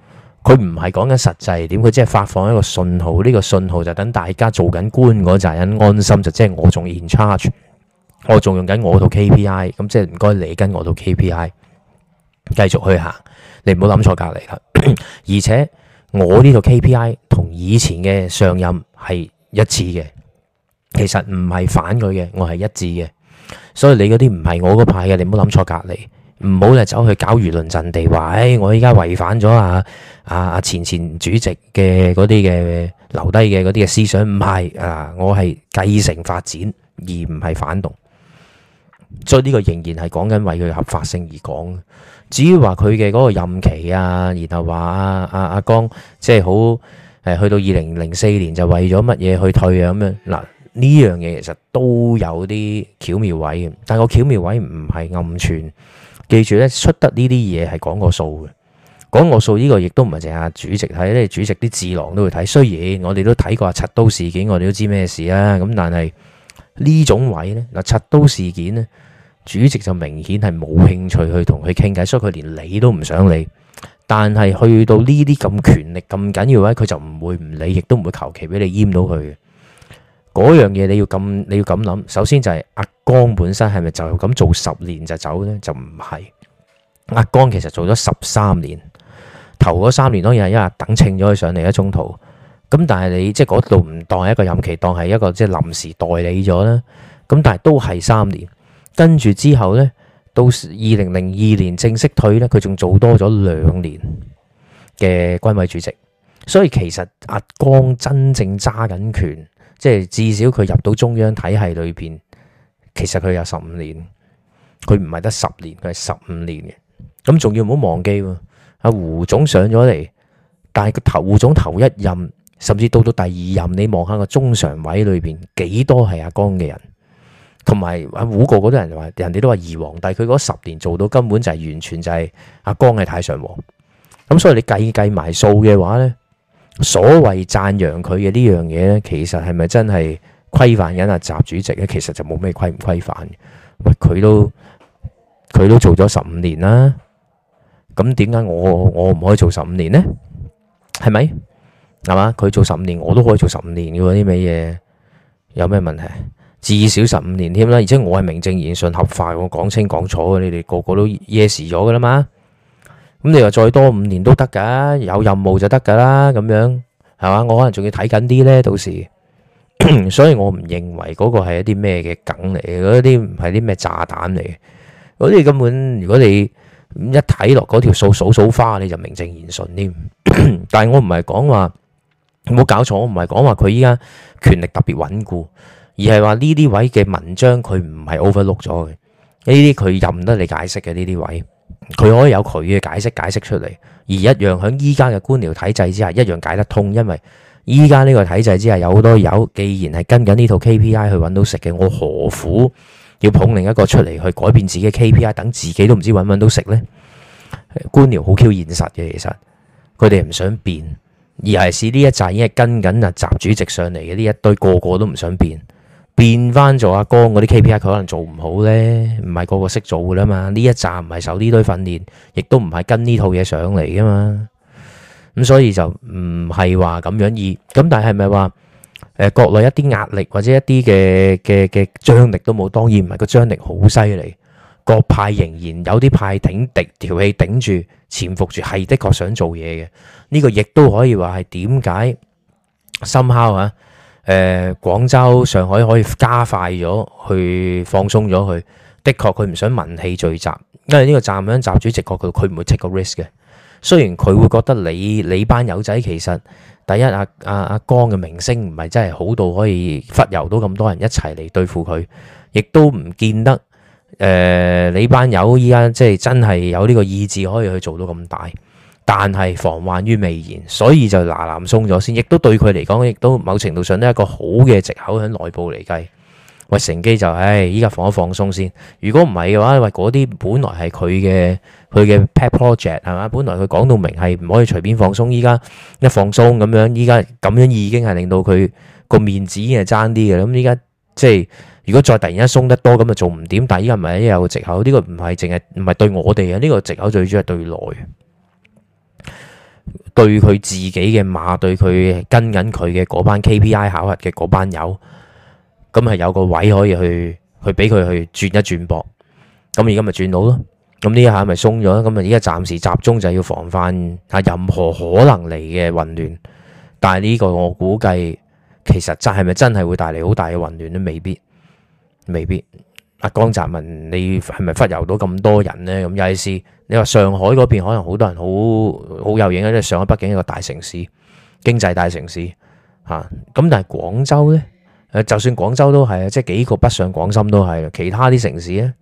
Speaker 1: 佢唔係講緊實際點，佢即係發放一個信號。呢個信號就等大家做緊官嗰陣，安心，就即係我仲 in charge，我仲用緊我套 KPI，咁即係唔該你跟我套 KPI 繼續去行。你唔好諗錯隔離啦。而且我呢套 KPI 同以前嘅上任係一致嘅。其實唔係反佢嘅，我係一致嘅。所以你嗰啲唔係我嗰派嘅，你唔好諗錯隔離，唔好就走去搞輿論陣地，話、哎、誒我依家違反咗啊啊啊前前主席嘅嗰啲嘅留低嘅嗰啲嘅思想，唔係啊，我係繼承發展，而唔係反動。所以呢個仍然係講緊為佢合法性而講。至於話佢嘅嗰個任期啊，然後話阿阿江即係好誒、啊，去到二零零四年就為咗乜嘢去退讓、啊、咁樣嗱。呢樣嘢其實都有啲巧妙位嘅，但係個巧妙位唔係暗串。記住咧，出得呢啲嘢係講個數嘅，講個數呢個亦都唔係淨係主席睇，呢主席啲智囊都會睇。雖然我哋都睇過阿七刀事件，我哋都知咩事啦。咁但係呢種位呢，嗱七刀事件呢，主席就明顯係冇興趣去同佢傾偈，所以佢連理都唔想理。但係去到呢啲咁權力咁緊要嘅位，佢就唔會唔理，亦都唔會求其俾你閹到佢嘅。嗰樣嘢你要咁，你要咁諗，首先就係阿江本身係咪就係咁做十年就走呢？就唔係，阿江其實做咗十三年，頭嗰三年當然係因為等稱咗佢上嚟一中途咁，但係你即係嗰度唔當係一個任期，當係一個即係臨時代理咗啦。咁但係都係三年，跟住之後呢，到二零零二年正式退呢，佢仲做多咗兩年嘅軍委主席，所以其實阿江真正揸緊權。即係至少佢入到中央體系裏邊，其實佢有十五年，佢唔係得十年，佢係十五年嘅。咁仲要唔好忘記阿胡總上咗嚟，但係個頭胡總頭一任，甚至到到第二任，你望下個中常委裏邊幾多係阿江嘅人，同埋阿胡嗰啲人話，人哋都話二皇帝，佢嗰十年做到根本就係完全就係阿江嘅太上皇。咁所以你計計埋數嘅話咧？所謂贊揚佢嘅呢樣嘢咧，其實係咪真係規範緊阿習主席咧？其實就冇咩規唔規範，喂，佢都佢都做咗十五年啦，咁點解我我唔可以做十五年呢？係咪？係嘛？佢做十五年，我都可以做十五年嘅喎，啲咩嘢？有咩問題？至少十五年添啦，而且我係名正言順合法，我講清講楚，你哋個個都 yes 咗嘅啦嘛。咁你話再多五年都得㗎，有任務就得㗎啦，咁樣係嘛？我可能仲要睇緊啲呢，到時， 所以我唔認為嗰個係一啲咩嘅梗嚟，嗰啲唔係啲咩炸彈嚟嘅，嗰啲根本如果你一睇落嗰條數數數花，你就名正言順添。 但係我唔係講話冇搞錯，我唔係講話佢依家權力特別穩固，而係話呢啲位嘅文章佢唔係 overlook 咗嘅，呢啲佢任得你解釋嘅呢啲位。佢可以有佢嘅解釋解釋出嚟，而一樣喺依家嘅官僚體制之下，一樣解得通，因為依家呢個體制之下有好多友既然係跟緊呢套 KPI 去揾到食嘅，我何苦要捧另一個出嚟去改變自己嘅 KPI，等自己都唔知揾唔揾到食呢？官僚好 Q 現實嘅，其實佢哋唔想變，而係試呢一扎，已經係跟緊啊習主席上嚟嘅呢一堆，個個都唔想變。變翻做阿光嗰啲 KPI，佢可能做唔好咧，唔係個個識做噶啦嘛。呢一站唔係受呢堆訓練，亦都唔係跟呢套嘢上嚟噶嘛。咁、嗯、所以就唔係話咁樣而咁，但係咪話誒國內一啲壓力或者一啲嘅嘅嘅張力都冇？當然唔係個張力好犀利，各派仍然有啲派挺敵，條氣頂住，潛伏住，係的確想做嘢嘅。呢、這個亦都可以話係點解深敲啊？Somehow, 誒，廣、呃、州、上海可以加快咗去放鬆咗佢。的確佢唔想民氣聚集，因為呢個站樣集主直覺，佢佢唔會 take 個 risk 嘅。雖然佢會覺得你你班友仔其實第一阿阿阿江嘅名聲唔係真係好到可以忽悠到咁多人一齊嚟對付佢，亦都唔見得誒、呃，你班友依家即係真係有呢個意志可以去做到咁大。但係防患於未然，所以就嗱嗱鬆咗先，亦都對佢嚟講，亦都某程度上都係一個好嘅藉口喺內部嚟計。喂、就是，乘機就，唉，依家放一放鬆先。如果唔係嘅話，喂，嗰啲本來係佢嘅佢嘅 pet project 係嘛？本來佢講到明係唔可以隨便放鬆，依家一放鬆咁樣，依家咁樣已經係令到佢個面子已經係爭啲嘅。咁依家即係如果再突然間鬆得多，咁就做唔掂。但係依家咪有個藉口，呢、呢個唔係淨係唔係對我哋嘅，呢、呢個藉口最主要係對內。對佢自己嘅馬，對佢跟緊佢嘅嗰班 KPI 考核嘅嗰班友，咁係有個位可以去去俾佢去轉一轉波，咁而家咪轉到咯。咁呢一下咪鬆咗，咁啊而家暫時集中就要防範吓任何可能嚟嘅混亂。但係呢個我估計其實真係咪真係會帶嚟好大嘅混亂都未必，未必。阿江澤民，你係咪忽悠到咁多人咧？咁有意思，你話上海嗰邊可能好多人好好有影響啊，因為上海畢竟一個大城市，經濟大城市嚇。咁但係廣州咧，誒就算廣州都係啊，即係幾個北上廣深都係。其他啲城市咧，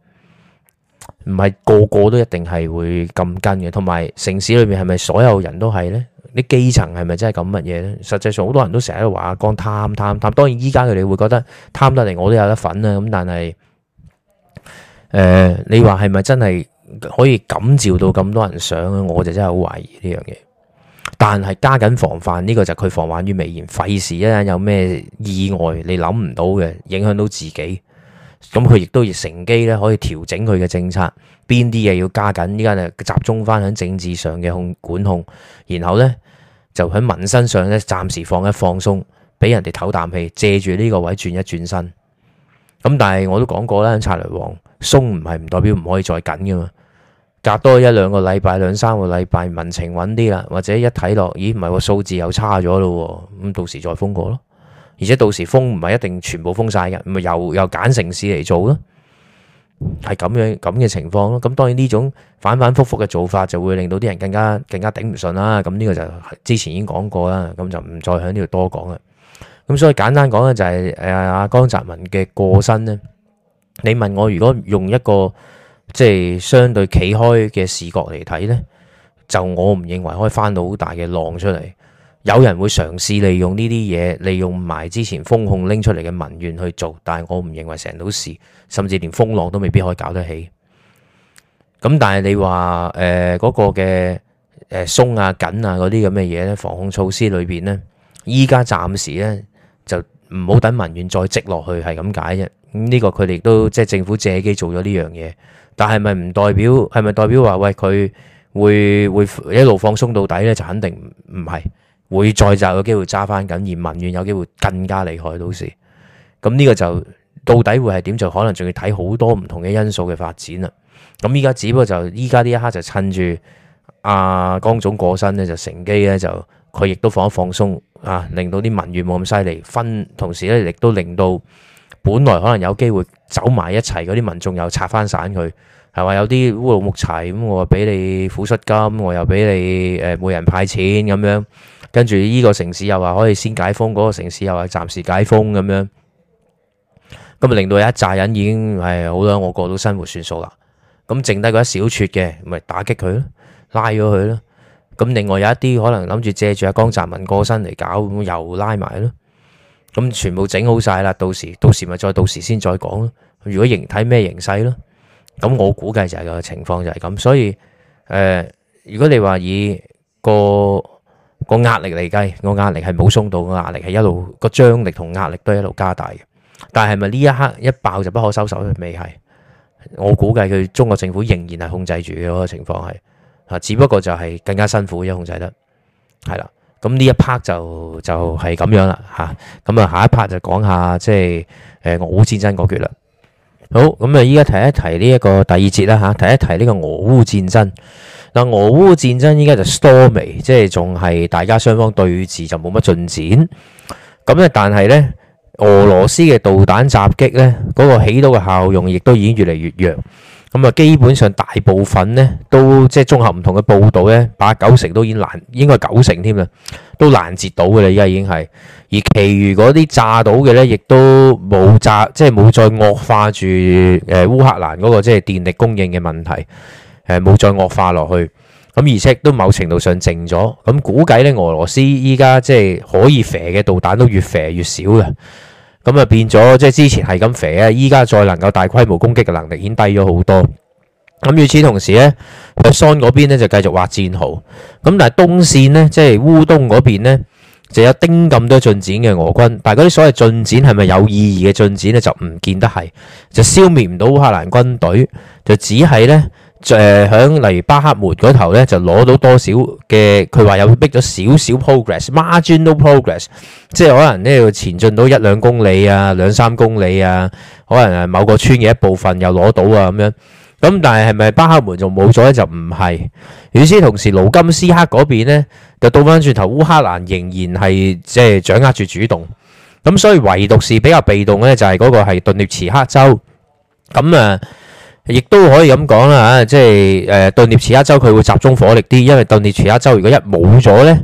Speaker 1: 唔係個個都一定係會咁跟嘅。同埋城市裏面係咪所有人都係咧？啲基層係咪真係咁乜嘢咧？實際上好多人都成日都話阿江貪貪貪，當然依家佢哋會覺得貪得嚟我都有得份啦。咁但係。誒、呃，你話係咪真係可以感召到咁多人上咧？我就真係好懷疑呢樣嘢。但係加緊防範呢、這個就佢防患於未然，費事一陣有咩意外你，你諗唔到嘅影響到自己。咁佢亦都乘機咧可以調整佢嘅政策，邊啲嘢要加緊？依家就集中翻喺政治上嘅控、管控，然後咧就喺民生上咧暫時放一放鬆，俾人哋唞啖氣，借住呢個位轉一轉身。咁但係我都講過啦，策略王。鬆唔係唔代表唔可以再緊嘅嘛，隔多一兩個禮拜，兩三個禮拜，民情穩啲啦，或者一睇落，咦，唔係個數字又差咗咯，咁到時再封過咯，而且到時封唔係一定全部封晒嘅，咪又又揀城市嚟做咯，係咁樣咁嘅情況咯。咁當然呢種反反複複嘅做法，就會令到啲人更加更加頂唔順啦。咁呢個就之前已經講過啦，咁就唔再喺呢度多講啦。咁所以簡單講嘅，就係呃阿江澤民嘅過身咧。你問我如果用一個即係相對企開嘅視角嚟睇呢，就我唔認為可以翻到好大嘅浪出嚟。有人會嘗試利用呢啲嘢，利用埋之前封控拎出嚟嘅民怨去做，但係我唔認為成到事，甚至連風浪都未必可以搞得起。咁但係你話誒嗰個嘅誒鬆啊緊啊嗰啲咁嘅嘢呢，防控措施裏邊呢，依家暫時呢就。唔好等民怨再積落去，係咁解啫。咁呢個佢哋都即係政府借機做咗呢樣嘢，但係咪唔代表係咪代表話喂佢會會一路放鬆到底呢？就肯定唔係，會再就有個機會揸翻緊，而民怨有機會更加厲害。到時咁呢個就到底會係點？就可能仲要睇好多唔同嘅因素嘅發展啦。咁依家只不過就依家呢一刻就趁住阿江總過身呢，就乘機呢，就佢亦都放一放鬆。啊！令到啲民怨冇咁犀利，分同時咧，亦都令到本來可能有機會走埋一齊嗰啲民眾又拆翻散佢。係話有啲烏魯木齊咁，我俾你撫恤金，我又俾你誒、呃、每人派錢咁樣，跟住依個城市又話可以先解封，嗰、這個城市又話暫時解封咁樣，咁啊令到有一紮人已經係好啦，哎、我過到生活算數啦。咁剩低嗰一,一小撮嘅，咪打擊佢咯，拉咗佢咯。咁另外有一啲可能諗住借住阿江澤民過身嚟搞，咁又拉埋咯。咁全部整好晒啦，到時到時咪再到時先再講咯。如果形體咩形勢咯，咁我估計就係個情況就係咁。所以誒、呃，如果你話以、嗰個個壓力嚟計，個壓力係冇鬆到，個壓力係一路個張力同壓力都一路加大嘅。但係咪呢一刻一爆就不可收拾？未係，我估計佢中國政府仍然係控制住嘅嗰個情況係。啊，只不過就係更加辛苦啫，控制得，係啦。咁呢一 part 就就係、係、咁樣啦，嚇。咁啊，下一 part 就講下即係誒俄烏戰爭個決啦。好，咁啊，依家提一提呢一個第二節啦，吓、啊，提一提呢個俄烏戰爭。嗱、啊，俄烏戰爭依家就 stormy，即係仲係大家雙方對峙就冇乜進展。咁咧，但係咧，俄羅斯嘅導彈襲擊咧，嗰、嗰個起到嘅效用亦都已經越嚟越弱。咁啊，基本上大部分咧都即係綜合唔同嘅報道咧，八九成都已經攔，應該係九成添啦，都攔截到嘅啦。而家已經係，而其餘嗰啲炸到嘅咧，亦都冇炸，即係冇再惡化住誒烏克蘭嗰個即係電力供應嘅問題，誒冇再惡化落去。咁而且都某程度上靜咗，咁估計咧俄羅斯依家即係可以射嘅導彈都越射越少嘅。咁啊變咗，即係之前係咁肥啊，依家再能夠大規模攻擊嘅能力顯低咗好多。咁與此同時咧，喺桑嗰邊咧就繼續挖戰壕。咁但係東線咧，即係烏東嗰邊咧就有丁咁多進展嘅俄軍，但係嗰啲所謂進展係咪有意義嘅進展咧，就唔見得係，就消滅唔到烏克蘭軍隊，就只係咧。就喺、呃、例如巴克門嗰頭咧，就攞到多少嘅，佢話又逼咗少少 progress，marginal progress，即係可能呢要前進到一兩公里啊，兩三公里啊，可能啊某個村嘅一部分又攞到啊咁樣。咁但係係咪巴克門仲冇咗咧？就唔係。與此同時，盧金斯克嗰邊咧，就倒返轉頭，烏克蘭仍然係即係掌握住主動。咁所以唯獨是比較被動咧，就係嗰個係頓涅茨克州。咁啊。亦都可以咁講啦，即係誒頓涅茨亞州佢會集中火力啲，因為頓涅茨亞州如果一冇咗呢，誒、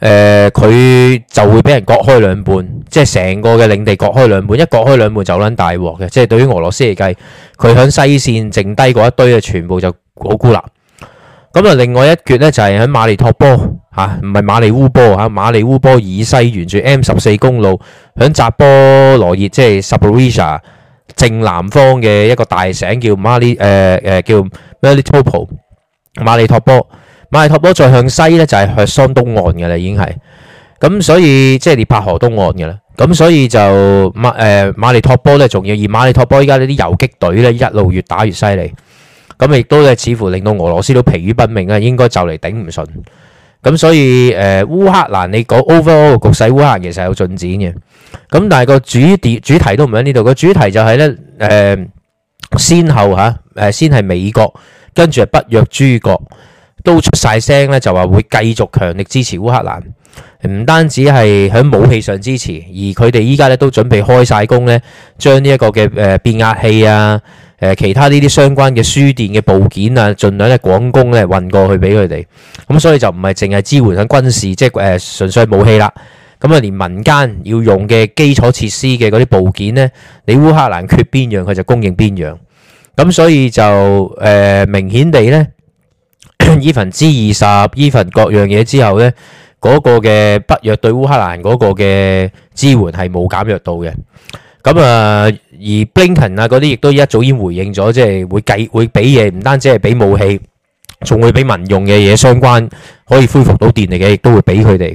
Speaker 1: 呃、佢就會俾人割開兩半，即係成個嘅領地割開兩半，一割開兩半就撚大鑊嘅。即係對於俄羅斯嚟計，佢響西線剩低嗰一堆啊，全部就好孤立。咁、嗯、啊，另外一橛呢，就係喺馬尼托波嚇，唔係馬里烏波嚇，馬、啊、里烏波以西沿住 M 十四公路響扎波羅熱即係 Subria。正南方嘅一個大城叫馬利，誒誒叫馬利托波，馬利托波，馬利托波再向西咧就係赫松東岸嘅啦，已經係咁，所以即係列帕河東岸嘅啦，咁所以就馬誒馬利托波咧，仲要而馬利托波依家呢啲遊擊隊咧一路越打越犀利，咁亦都咧似乎令到俄羅斯都疲於奔命啊，應該就嚟頂唔順，咁所以誒烏克蘭你講 overall 個局勢烏克蘭其實有進展嘅。咁但係個主題主題都唔喺呢度，個主題就係、是、咧，誒、呃、先後吓，誒先係美國，跟住係北約諸國都出晒聲咧，就話會繼續強力支持烏克蘭，唔單止係喺武器上支持，而佢哋依家咧都準備開晒工咧，將呢一個嘅誒變壓器啊，誒、呃、其他呢啲相關嘅輸電嘅部件啊，盡量咧廣工咧運過去俾佢哋，咁所以就唔係淨係支援喺軍事，即係誒純粹武器啦。咁啊，連民間要用嘅基礎設施嘅嗰啲部件咧，你烏克蘭缺邊樣，佢就供應邊樣。咁所以就誒明顯地咧，即使 G20，即使各樣嘢之後咧，嗰個嘅北約對烏克蘭嗰個嘅支援係冇減弱到嘅。咁啊，而 Blinken 啊嗰啲亦都一早已經回應咗，即係會計會俾嘢，唔單止係俾武器，仲會俾民用嘅嘢相關可以恢復到電力嘅，亦都會俾佢哋。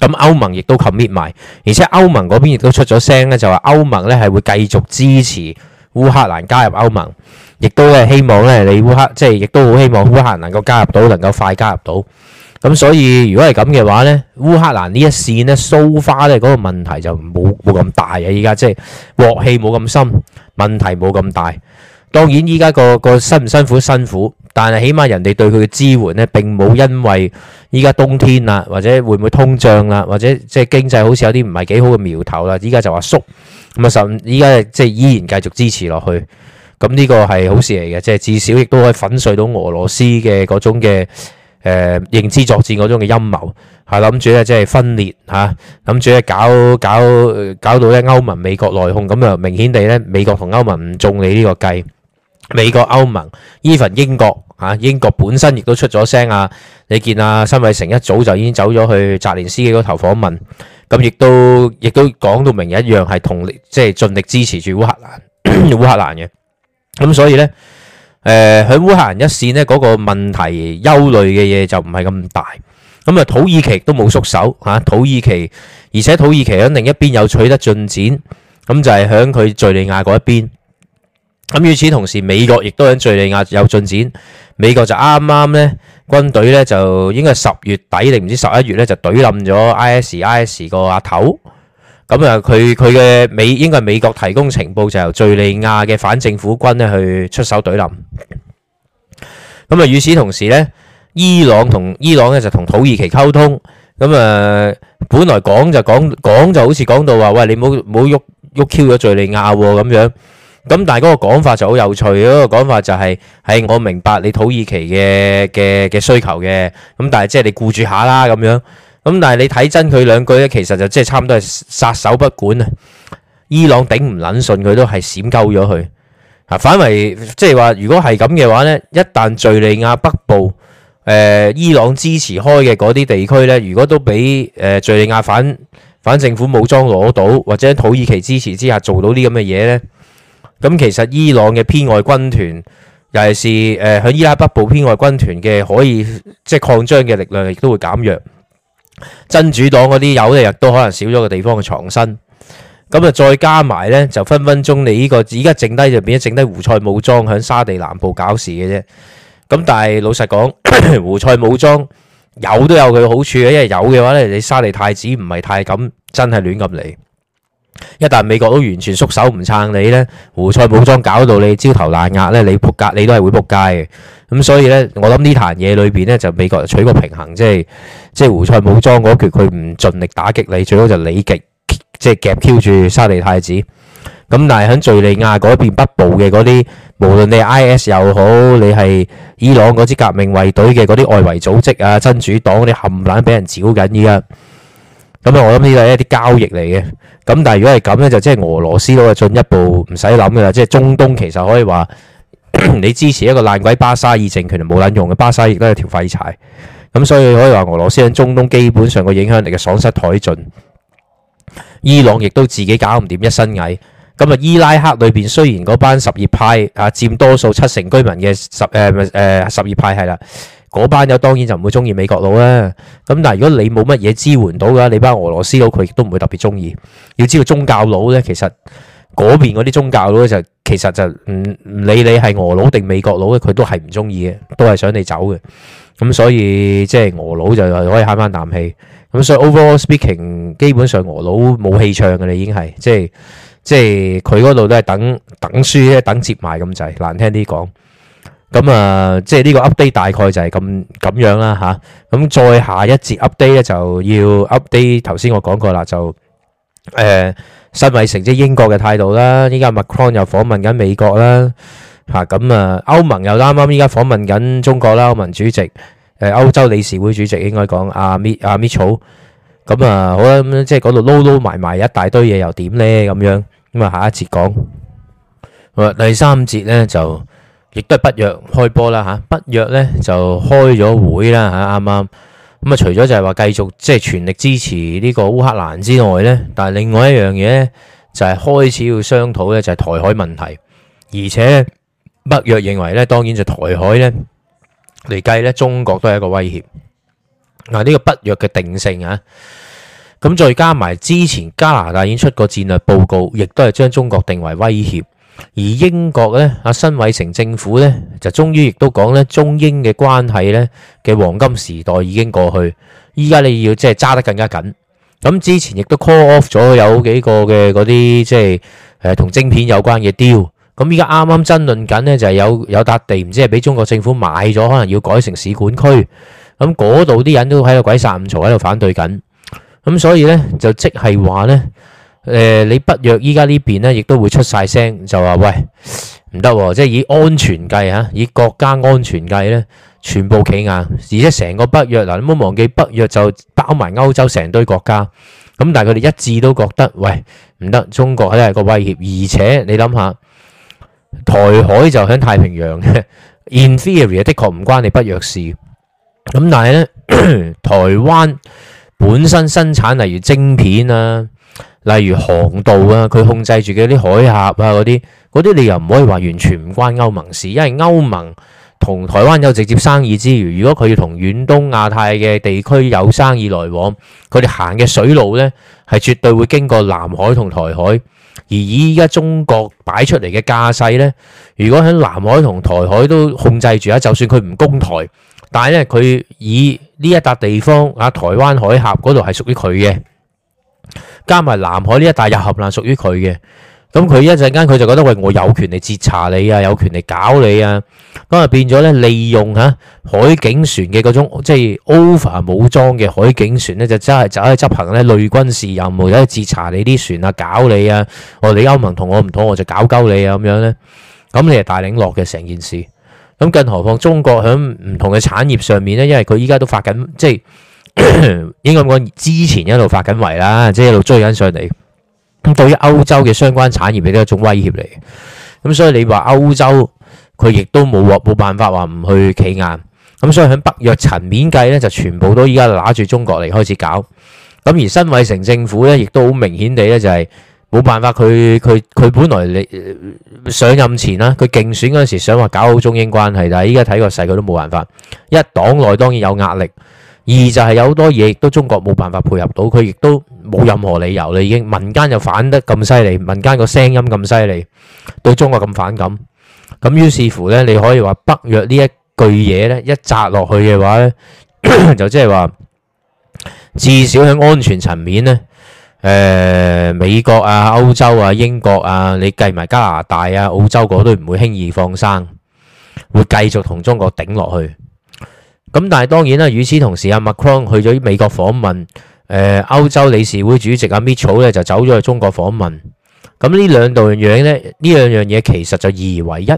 Speaker 1: 咁歐盟亦都 commit 埋，而且歐盟嗰邊亦都出咗聲咧，就話、是、歐盟咧係會繼續支持烏克蘭加入歐盟，亦都係希望咧你烏克即係亦都好希望烏克蘭能夠加入到，能夠快加入到。咁所以如果係咁嘅話咧，烏克蘭呢一線咧蘇花咧嗰個問題就冇冇咁大啊！依家即係鑊氣冇咁深，問題冇咁大。當然依家個個辛唔辛苦辛苦。辛苦。但係，起碼人哋對佢嘅支援咧，並冇因為依家冬天啦，或者會唔會通脹啦，或者即係經濟好似有啲唔係幾好嘅苗頭啦，依家就話縮咁啊，十依家即係依然繼續支持落去，咁呢個係好事嚟嘅，即係至少亦都可以粉碎到俄羅斯嘅嗰種嘅誒、呃、認知作戰嗰種嘅陰謀，係諗住咧即係分裂吓，諗住咧搞搞搞到咧歐盟美國內訌，咁啊明顯地咧美國同歐盟唔中你呢個計。美國、歐盟、even 英國嚇，英國本身亦都出咗聲啊！你見啊，新偉成一早就已經走咗去澤連斯基嗰頭訪問，咁亦都亦都講到明一樣係同即係盡力支持住烏克蘭烏克蘭嘅。咁所以咧，誒喺烏克蘭一線咧嗰個問題、憂慮嘅嘢就唔係咁大。咁啊，土耳其都冇縮手嚇，土耳其而且土耳其喺另一邊又取得進展，咁就係喺佢敍利亞嗰一邊。咁與此同時，美國亦都喺敘利亞有進展。美國就啱啱咧，軍隊咧就應該係十月底定唔知十一月咧就隊冧咗 ISIS 個阿頭。咁啊，佢佢嘅美應該係美國提供情報，就由敘利亞嘅反政府軍咧去出手隊冧。咁啊，與此同時咧，伊朗同伊朗咧就同土耳其溝通。咁啊，本來講就講講就好似講到話，喂，你唔好唔好喐喐咁但係嗰個講法就好有趣。嗰、那個講法就係、是、喺我明白你土耳其嘅嘅嘅需求嘅。咁但係即係你顧住下啦咁樣。咁但係你睇真佢兩句咧，其實就即係差唔多係撒手不管啊。伊朗頂唔撚順，佢都係閃鳩咗佢啊。反為即係話，如果係咁嘅話咧，一旦敘利亞北部誒、呃、伊朗支持開嘅嗰啲地區咧，如果都俾誒、呃、敘利亞反反政府武裝攞到，或者土耳其支持之下做到啲咁嘅嘢咧。咁其實伊朗嘅編外軍團，尤其是誒喺伊拉克北部編外軍團嘅，可以即係擴張嘅力量亦都會減弱。真主黨嗰啲有咧，亦都可能少咗個地方嘅藏身。咁啊，再加埋咧，就分分鐘你呢、呢個而家剩低就變咗剩低胡塞武裝喺沙地南部搞事嘅啫。咁但係老實講， 胡塞武裝有都有佢好處嘅，因為有嘅話咧，你沙地太子唔係太敢真係亂噉嚟。一旦美國都完全縮手唔撐你咧，胡塞武裝搞到你焦頭爛額咧，你仆街你都係會仆街嘅。咁所以咧，我諗呢壇嘢裏邊咧就美國取個平衡，即係即係胡塞武裝嗰一拳佢唔盡力打擊你，最好就你極即係夾挑住沙地太子。咁但係喺敘利亞嗰邊北部嘅嗰啲，無論你 IS 又好，你係伊朗嗰支革命衛隊嘅嗰啲外圍組織啊、真主黨嗰啲，冚 𠰤 俾人剿緊依家。咁啊，我諗呢啲係一啲交易嚟嘅。咁但係如果係咁呢，就即係俄羅斯嗰個進一步唔使諗噶啦。即係中東其實可以話 你支持一個爛鬼巴沙爾政權就冇撚用嘅，巴沙爾都係條廢柴。咁所以可以話俄羅斯喺中東基本上個影響力嘅喪失殆盡。伊朗亦都自己搞唔掂一身蟻。咁啊，伊拉克裏邊雖然嗰班什葉派啊佔多數七成居民嘅十誒誒什葉派係啦。嗰班友當然就唔會中意美國佬啦，咁但係如果你冇乜嘢支援到嘅，你班俄羅斯佬佢亦都唔會特別中意。要知道宗教佬咧，其實嗰邊嗰啲宗教佬就其實就唔理你係俄佬定美國佬咧，佢都係唔中意嘅，都係想你走嘅。咁所以即係俄佬就可以慳返啖氣。咁所以 overall speaking，基本上俄佬冇氣暢嘅啦，已經係即係即係佢嗰度都係等等輸咧，等接埋咁滯，難聽啲講。咁啊，即係呢個 update 大概就係咁咁樣啦吓。咁再下一節 update 咧，就要 update。頭先我講過啦，就誒，辛偉誠即係英國嘅態度啦。依家 Macron 又訪問緊美國啦，吓，咁啊，歐盟又啱啱依家訪問緊中國啦。歐盟主席誒，歐洲理事會主席應該講阿 Mi 阿 Michel。咁啊，好啦，即係嗰度撈撈埋埋一大堆嘢又點咧，咁樣。咁啊，下一節講。第三節咧就。亦都係北約開波啦吓，北約咧就開咗會啦吓，啱啱咁啊，除咗就係話繼續即係全力支持呢個烏克蘭之外咧，但係另外一樣嘢咧就係開始要商討咧，就係台海問題，而且北約認為咧，當然就台海咧嚟計咧，中國都係一個威脅。嗱，呢個北約嘅定性啊，咁再加埋之前加拿大已經出過戰略報告，亦都係將中國定為威脅。而英國咧，阿辛偉誠政府咧，就終於亦都講咧，中英嘅關係咧嘅黃金時代已經過去，依家你要即係揸得更加緊。咁之前亦都 call off 咗有幾個嘅嗰啲即係誒同晶片有關嘅 deal。咁依家啱啱爭論緊咧，就係、是、有有笪地唔知係俾中國政府買咗，可能要改成使館區。咁嗰度啲人都喺度鬼殺咁嘈喺度反對緊。咁所以咧，就即係話咧。誒，你北約依家呢邊咧，亦都會出曬聲，就話喂唔得，即係以安全計嚇，以國家安全計咧，全部企硬，而且成個北約嗱，你唔好忘記北約就包埋歐洲成堆國家，咁但係佢哋一致都覺得喂唔得，中國係一個威脅，而且你諗下，台海就響太平洋嘅，in theory 啊，的確唔關你北約事，咁但係咧，台灣本身生產例如晶片啊。例如航道啊，佢控制住嗰啲海峽啊，嗰啲嗰啲你又唔可以話完全唔關歐盟事，因為歐盟同台灣有直接生意之餘，如果佢要同遠東亞太嘅地區有生意來往，佢哋行嘅水路咧，係絕對會經過南海同台海，而依家中國擺出嚟嘅架勢咧，如果喺南海同台海都控制住啊，就算佢唔攻台，但係咧佢以呢一笪地方啊，台灣海峽嗰度係屬於佢嘅。加埋南海呢一帶入合爛屬於佢嘅，咁佢一陣間佢就覺得喂，我有權嚟截查你啊，有權嚟搞你啊，咁啊變咗咧利用吓海警船嘅嗰種即係、就是、over 武裝嘅海警船咧，就真係走去執行咧類軍事任務，走去截查你啲船啊，搞你啊，我你歐盟我同我唔妥，我就搞鳩你啊咁樣咧，咁你係大領落嘅成件事，咁更何況中國響唔同嘅產業上面咧，因為佢依家都發緊即係。咳咳應該咁講，之前一路發緊圍啦，即係一路追緊上嚟。咁對於歐洲嘅相關產業，亦都係一種威脅嚟。咁所以你話歐洲佢亦都冇冇辦法話唔去企硬。咁所以喺北約層面計咧，就全部都依家拿住中國嚟開始搞。咁而辛偉誠政府咧，亦都好明顯地咧，就係冇辦法。佢佢佢本來你上任前啦，佢競選嗰陣時想話搞好中英關係，但係依家睇個世界都冇辦法。一黨內當然有壓力。二就係有好多嘢都中國冇辦法配合到，佢亦都冇任何理由。你已經民間就反得咁犀利，民間個聲音咁犀利，對中國咁反感，咁於是乎咧，你可以話北約呢一句嘢咧一扎落去嘅話咧，就即係話至少喺安全層面咧，誒美國啊、歐洲啊、英國啊，你計埋加拿大啊、澳洲嗰都唔會輕易放生，會繼續同中國頂落去。咁但係當然啦，與此同時，阿 Macron 去咗美國訪問，誒、呃，歐洲理事會主席阿 Michel 咧就走咗去中國訪問。咁呢兩度樣咧，呢兩樣嘢其實就二為一，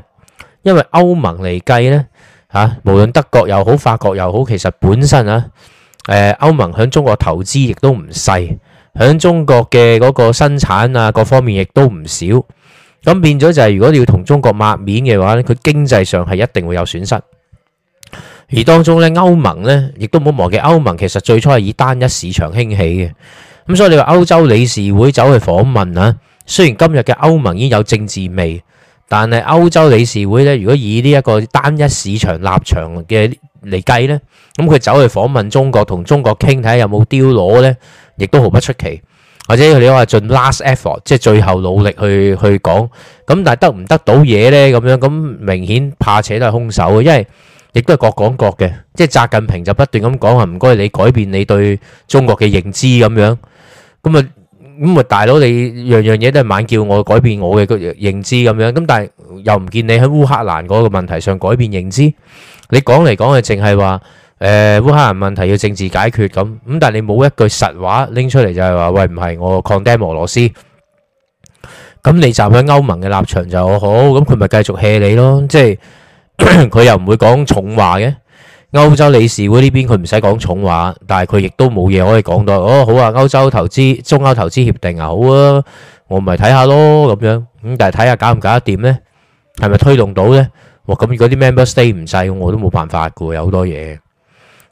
Speaker 1: 因為歐盟嚟計咧，吓、啊，無論德國又好，法國又好，其實本身啊，誒、呃，歐盟響中國投資亦都唔細，響中國嘅嗰個生產啊，各方面亦都唔少。咁變咗就係、是，如果你要同中國抹面嘅話咧，佢經濟上係一定會有損失。而當中咧，歐盟咧，亦都唔好忘記，歐盟其實最初係以單一市場興起嘅。咁所以你話歐洲理事會走去訪問啊，雖然今日嘅歐盟已經有政治味，但係歐洲理事會咧，如果以呢一個單一市場立場嘅嚟計咧，咁佢走去訪問中國，同中國傾睇下有冇丟攞咧，亦都毫不出奇。或者你話盡 last effort，即係最後努力去去講。咁但係得唔得到嘢咧？咁樣咁明顯怕且都係空手嘅，因為。亦都係各講各嘅，即係習近平就不斷咁講，話唔該你改變你對中國嘅認知咁樣。咁啊，咁啊，大佬你樣樣嘢都係猛叫我改變我嘅個認知咁樣。咁但係又唔見你喺烏克蘭嗰個問題上改變認知。你講嚟講去淨係話，誒，烏克蘭問題要政治解決咁。咁但係你冇一句實話拎出嚟就係話，喂，唔係我 condem 俄羅斯。咁你站喺歐盟嘅立場就好，咁佢咪繼續 hea 你咯，即係。佢又唔會講重話嘅，歐洲理事會呢邊佢唔使講重話，但係佢亦都冇嘢可以講到。哦，好啊，歐洲投資中歐投資協定啊，好啊，我咪睇下咯咁樣。咁但係睇下搞唔搞得掂咧，係咪推動到咧？哇，咁如果啲 member stay 唔制，我都冇辦法噶，有好多嘢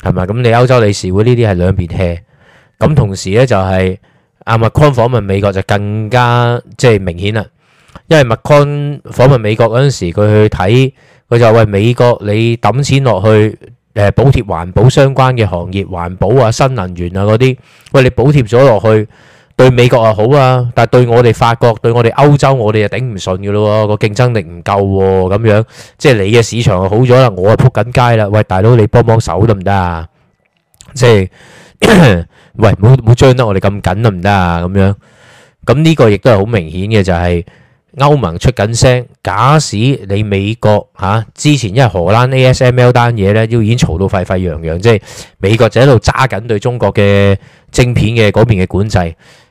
Speaker 1: 係咪。咁你歐洲理事會呢啲係兩邊聽。咁同時咧就係阿 Macron 訪問美國就更加即係明顯啦，因為 Macron 訪問美國嗰陣時佢去睇。佢就話喂，美國，你抌錢落去，誒，補貼環保相關嘅行業，環保啊，新能源啊嗰啲，喂，你補貼咗落去，對美國啊好啊，但係對我哋法國，對我哋歐洲，我哋又頂唔順噶咯，個競爭力唔夠咁樣，即係你嘅市場啊好咗啦，我啊撲緊街啦，喂，大佬，你幫幫手得唔得啊？即係，喂，唔好唔好將得我哋咁緊得唔得啊？咁樣，咁呢個亦都係好明顯嘅就係。歐盟出緊聲，假使你美國，吓，之前因為荷蘭 ASML 單嘢咧，都已經嘈到沸沸揚揚，即係美國就喺度揸緊對中國嘅晶片嘅嗰邊嘅管制。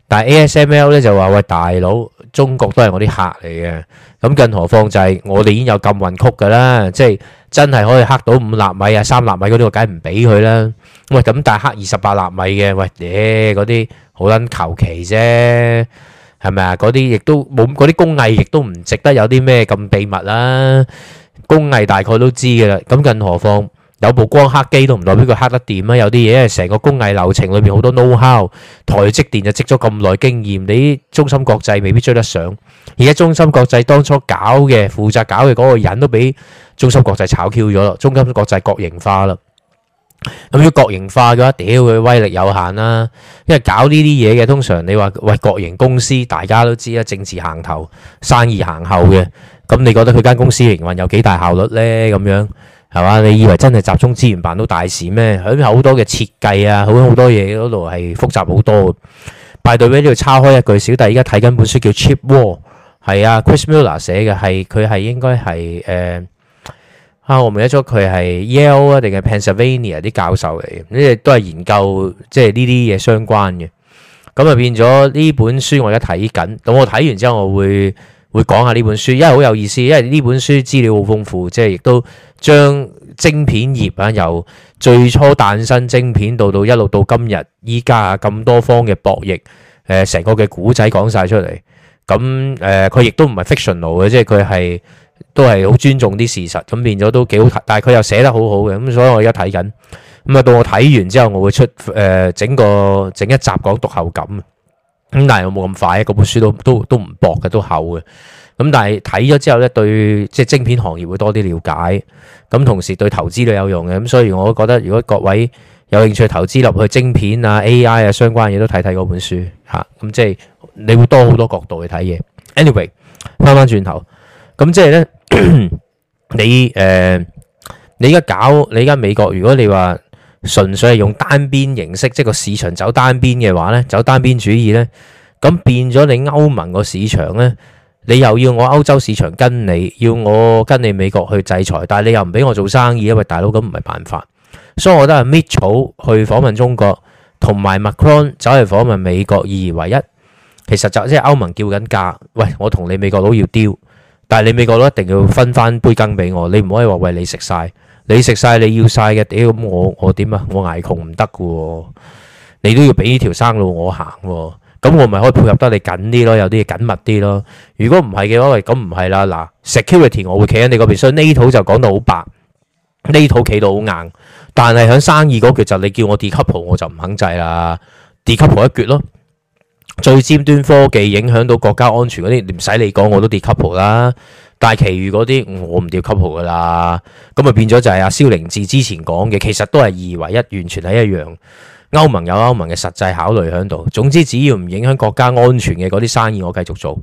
Speaker 1: 但係 ASML 咧就話，喂，大佬，中國都係我啲客嚟嘅，咁更何況就係我哋已經有禁運曲噶啦，即係真係可以係咪啊？嗰啲亦都冇嗰啲工藝，亦都唔值得有啲咩咁秘密啦。工藝大概都知噶啦。咁更何況有部光刻機都唔代表佢刻得掂啊？有啲嘢因為成個工藝流程裏邊好多 know how，台積電就積咗咁耐經驗，你中芯國際未必追得上。而家中芯國際當初搞嘅負責搞嘅嗰個人都俾中芯國際炒 Q 咗啦，中芯國際國營化啦。咁要國營化嘅話，屌佢威力有限啦。因為搞呢啲嘢嘅，通常你話喂國營公司，大家都知啦，政治行頭，生意行後嘅。咁你覺得佢間公司營運有幾大效率呢？咁樣係嘛？你以為真係集中資源辦到大事咩？喺好多嘅設計啊，好，好多嘢嗰度係複雜好多嘅。 by the way，要插開一句，小弟而家睇緊本書叫《Chip War》，係啊，Chris Miller 寫嘅，係佢係應該係誒。呃啊！我唔記得咗佢係 Yale 啊，定係 Pennsylvania 啲教授嚟，呢啲都係研究即係呢啲嘢相關嘅。咁啊變咗呢本書我而家睇緊，等我睇完之後我會會講下呢本書，因為好有意思，因為呢本書資料好豐富，即係亦都將晶片業啊由最初誕生晶片到到一路到今日依家啊咁多方嘅博弈，誒、呃、成個嘅古仔講晒出嚟。咁誒佢亦都唔係 fictional 嘅，呃、ictional，即係佢係。都係好尊重啲事實，咁變咗都幾好睇。但係佢又寫得好好嘅，咁、嗯、所以我而家睇緊咁啊。到我睇完之後，我會出誒、呃、整個整一集講讀後感。咁、嗯、但係我冇咁快，嗰本書都都都唔薄嘅，都厚嘅。咁、嗯、但係睇咗之後咧，對即係晶片行業會多啲了解，咁、嗯、同時對投資都有用嘅。咁、嗯、所以我覺得如果各位有興趣投資入去晶片啊、AI 啊相關嘢都睇睇嗰本書吓，咁、嗯、即係你會多好多角度去睇嘢。Anyway，翻翻轉頭。咁即係咧，你誒，你而家搞，你而家美國，如果你話純粹係用單邊形式，即係個市場走單邊嘅話咧，走單邊主義咧，咁變咗你歐盟個市場咧，你又要我歐洲市場跟你要我跟你美國去制裁，但係你又唔俾我做生意，因為大佬咁唔係辦法，所以我都係 Michel 去訪問中國，同埋 Macron 走去訪問美國意義為一，其實就即係歐盟叫緊價，喂，我同你美國佬要 deal。但係你美國都一定要分翻杯羹俾我，你唔可以話喂，你食晒，你食晒你要晒嘅，屌咁我我點啊？我挨窮唔得噶，你都要俾呢條生路我行，咁我咪可以配合得你緊啲咯，有啲嘢緊密啲咯。如果唔係嘅話，喂，咁唔係啦，嗱，security 我會企喺你嗰邊，所以呢套就講到好白，呢套企到好硬，但係喺生意嗰橛就你叫我 decouple 我就唔肯制啦，decouple 一橛咯。最尖端科技影響到國家安全嗰啲，唔使你講我都跌 couple 啦。但係其餘嗰啲我唔掉 couple 噶啦。咁咪變咗就係阿蕭凌志之前講嘅，其實都係二為一，完全係一樣。歐盟有歐盟嘅實際考慮喺度。總之只要唔影響國家安全嘅嗰啲生意，我繼續做。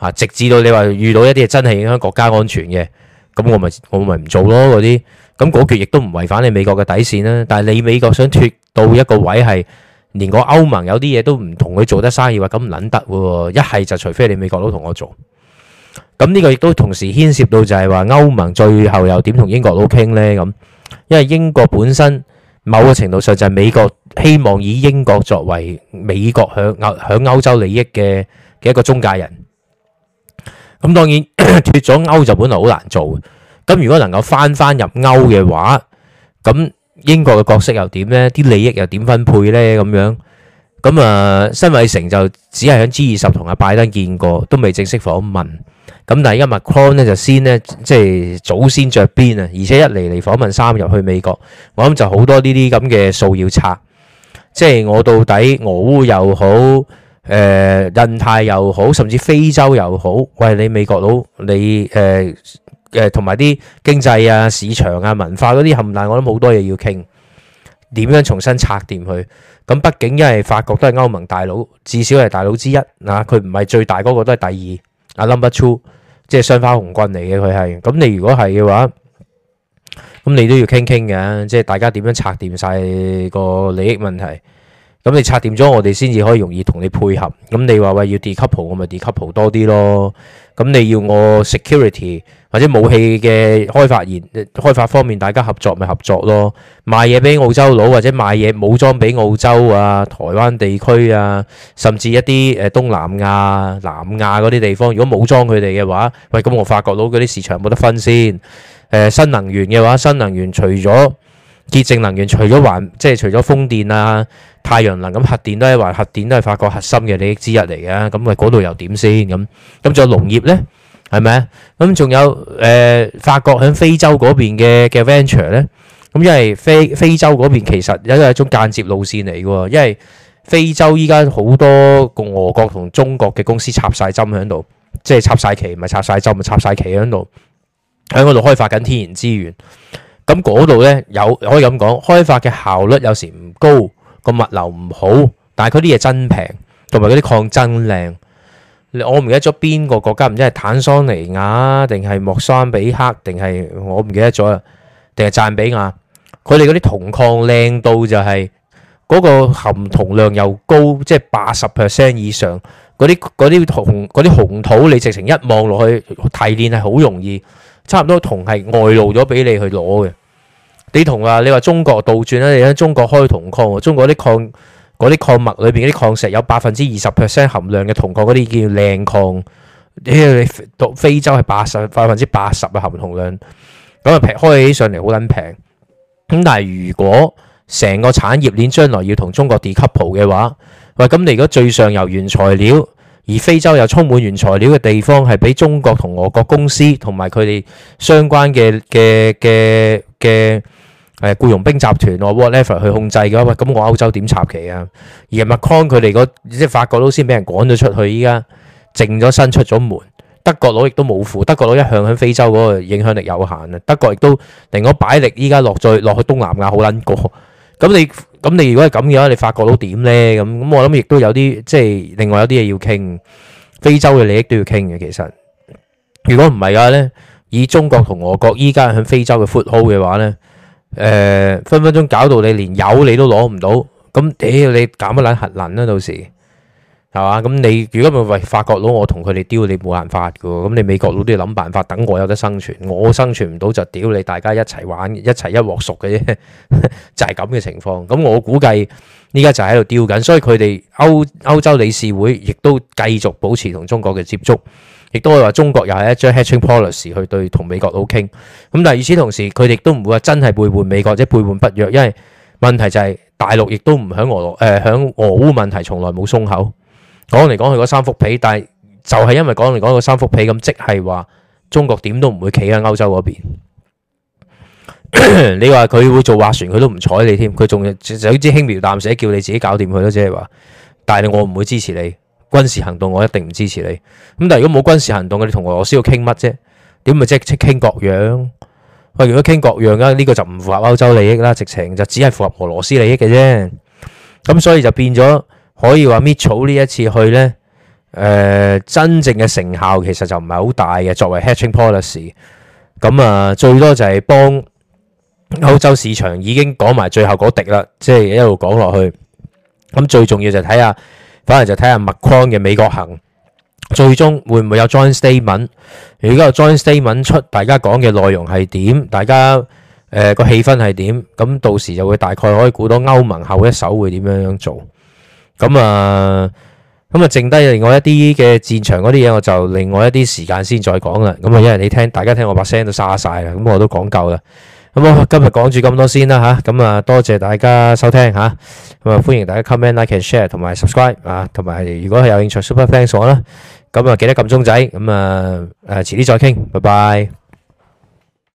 Speaker 1: 嚇，直至到你話遇到一啲真係影響國家安全嘅，咁我咪我咪唔做咯嗰啲。咁嗰橛亦都唔違反你美國嘅底線啦。但係你美國想脫到一個位係。連個歐盟有啲嘢都唔同佢做得生意，話咁捻得喎，一係就除非你美國佬同我做。咁呢個亦都同時牽涉到就係話，歐盟最後又點同英國佬傾呢？咁，因為英國本身，某個程度上就係美國希望以英國作為美國響歐響歐洲利益嘅，嘅一個中介人。咁當然，脱咗歐就本來好難做。咁如果能夠返返入歐嘅話，咁， 英國嘅角色又點呢？啲利益又點分配呢？咁樣咁啊，辛偉誠就只係喺 G 二十同阿拜登見過，都未正式訪問。咁但係今日 Macron 咧就先呢，即係早先着鞭啊！而且一嚟嚟訪問三入去美國，我諗就好多呢啲咁嘅數要拆。即係我到底俄烏又好，誒印太又好，甚至非洲又好，喂你美國佬，你誒？呃誒同埋啲經濟啊、市場啊、文化嗰啲冚唥，我諗好多嘢要傾。點樣重新拆掂佢？咁畢竟因為法國都係歐盟大佬，至少係大佬之一嗱。佢唔係最大嗰個，都係第二。阿、啊、number two，即係雙花紅棍嚟嘅佢係。咁你如果係嘅話，咁你都要傾傾嘅，即係大家點樣拆掂晒個利益問題？咁你拆掂咗，我哋先至可以容易同你配合。咁你話喂要 decouple，我咪 decouple 多啲咯。咁你要我 security 或者武器嘅開發研開發方面，大家合作咪合作咯。賣嘢俾澳洲佬或者賣嘢武裝俾澳洲啊、台灣地區啊，甚至一啲誒東南亞南亞嗰啲地方。如果武裝佢哋嘅話，喂，咁我發覺到嗰啲市場冇得分先。誒、呃、新能源嘅話新能源除咗。潔淨能源除咗環，即係除咗風電啊、太陽能咁，核電都係環，核電都係法國核心嘅利益之一嚟嘅。咁咪嗰度又點先？咁咁仲有農業咧，係咪啊？咁仲有誒、呃，法國喺非洲嗰邊嘅嘅 Venture 咧，咁因為非非洲嗰邊其實有一種間接路線嚟嘅，因為非洲依家好多共俄國同中國嘅公司插晒針喺度，即係插晒旗，唔係插晒針，咪插晒旗喺度，喺嗰度開發緊天然資源。咁嗰度咧有可以咁講，開發嘅效率有時唔高，個物流唔好，但係佢啲嘢真平，同埋嗰啲礦真靚。我唔記得咗邊個國家，唔知係坦桑尼亞定係莫桑比克定係我唔記得咗啦，定係贊比亞。佢哋嗰啲銅礦靚到就係嗰個含銅量又高，即係八十 percent 以上。嗰啲啲紅啲紅土，你直情一望落去，提煉係好容易。差唔多銅係外露咗俾你去攞嘅。你同啊，你話中國倒轉咧，你喺中國開銅礦，中國啲礦嗰啲礦物裏邊啲礦石有百分之二十 percent 含量嘅銅礦，嗰啲叫靚礦。誒，你到非洲係八十百分之八十嘅含銅量，咁啊劈開起上嚟好撚平。咁但係如果成個產業鏈將來要同中國 decouple 嘅話，喂，咁你如果最上游原材料？而非洲又充滿原材料嘅地方，係俾中國同俄國公司同埋佢哋相關嘅嘅嘅嘅誒僱傭兵集團啊，whatever 去控制嘅喂，咁我歐洲點插旗啊？而 Macron 佢哋嗰，即係法國佬先俾人趕咗出去，依家淨咗身出咗門。德國佬亦都冇負，德國佬一向喺非洲嗰個影響力有限啊。德國亦都令我擺力，依家落在落去東南亞好撚過。咁你咁你如果係咁嘅話，你發覺到點咧？咁咁我諗亦都有啲即係另外有啲嘢要傾，非洲嘅利益都要傾嘅。其實如果唔係嘅話咧，以中國同俄國依家響非洲嘅 foothold 嘅話咧，誒分分鐘搞到你連油你都攞唔到，咁屌你搞乜撚核能啦到時。係嘛？咁你如果咪發覺到我同佢哋屌你冇辦法嘅，咁你美國佬都要諗辦法，等我有得生存。我生存唔到就屌你，大家一齊玩一齊一鑊熟嘅啫， 就係咁嘅情況。咁我估計依家就喺度屌緊，所以佢哋歐歐洲理事會亦都繼續保持同中國嘅接觸，亦都係話中國又係一張 hatching policy 去對同美國佬傾。咁但係與此同時，佢哋都唔會話真係背叛美國，即係背叛不約，因為問題就係大陸亦都唔響俄羅誒響、呃、俄烏問題從來冇鬆口。講嚟講去嗰三幅被，但係就係因為講嚟講去三幅被，咁， 即係話中國點都唔會企喺歐洲嗰邊。你話佢會做劃船，佢都唔睬你添，佢仲總之輕描淡寫叫你自己搞掂佢咯，即係話。但係我唔會支持你，軍事，支持你軍事行動，我一定唔支持你。咁但係如果冇軍事行動，你同俄羅斯要傾乜啫？點咪即係傾各樣？喂，如果傾各樣咧，呢、這個就唔符合歐洲利益啦，直情就只係符合俄羅斯利益嘅啫。咁所以就變咗。可以話 Mitco 呢一次去咧，誒真正嘅成效其實就唔係好大嘅。作為 hatching policy，咁啊，最多就係幫歐洲市場已經講埋最後嗰滴啦，即係一路講落去。咁最重要就睇下，反而就睇下 Macron 嘅美國行，最終會唔會有 joint statement？如果有 joint statement 出，大家講嘅內容係點，大家誒個氣氛係點，咁到時就會大概可以估到歐盟後一手會點樣樣做。咁啊，咁啊，剩低另外一啲嘅戰場嗰啲嘢，我就另外一啲時間先再講啦。咁啊，因為你聽大家聽我把聲都沙晒啦，咁我都講夠啦。咁啊，今日講住咁多先啦吓。咁啊，多謝大家收聽吓。咁啊，歡迎大家 comment like and share 同埋 subscribe 啊，同埋如果係有興趣 super thanks 我啦。咁啊，記得撳鐘仔。咁啊，誒，遲啲再傾，拜拜。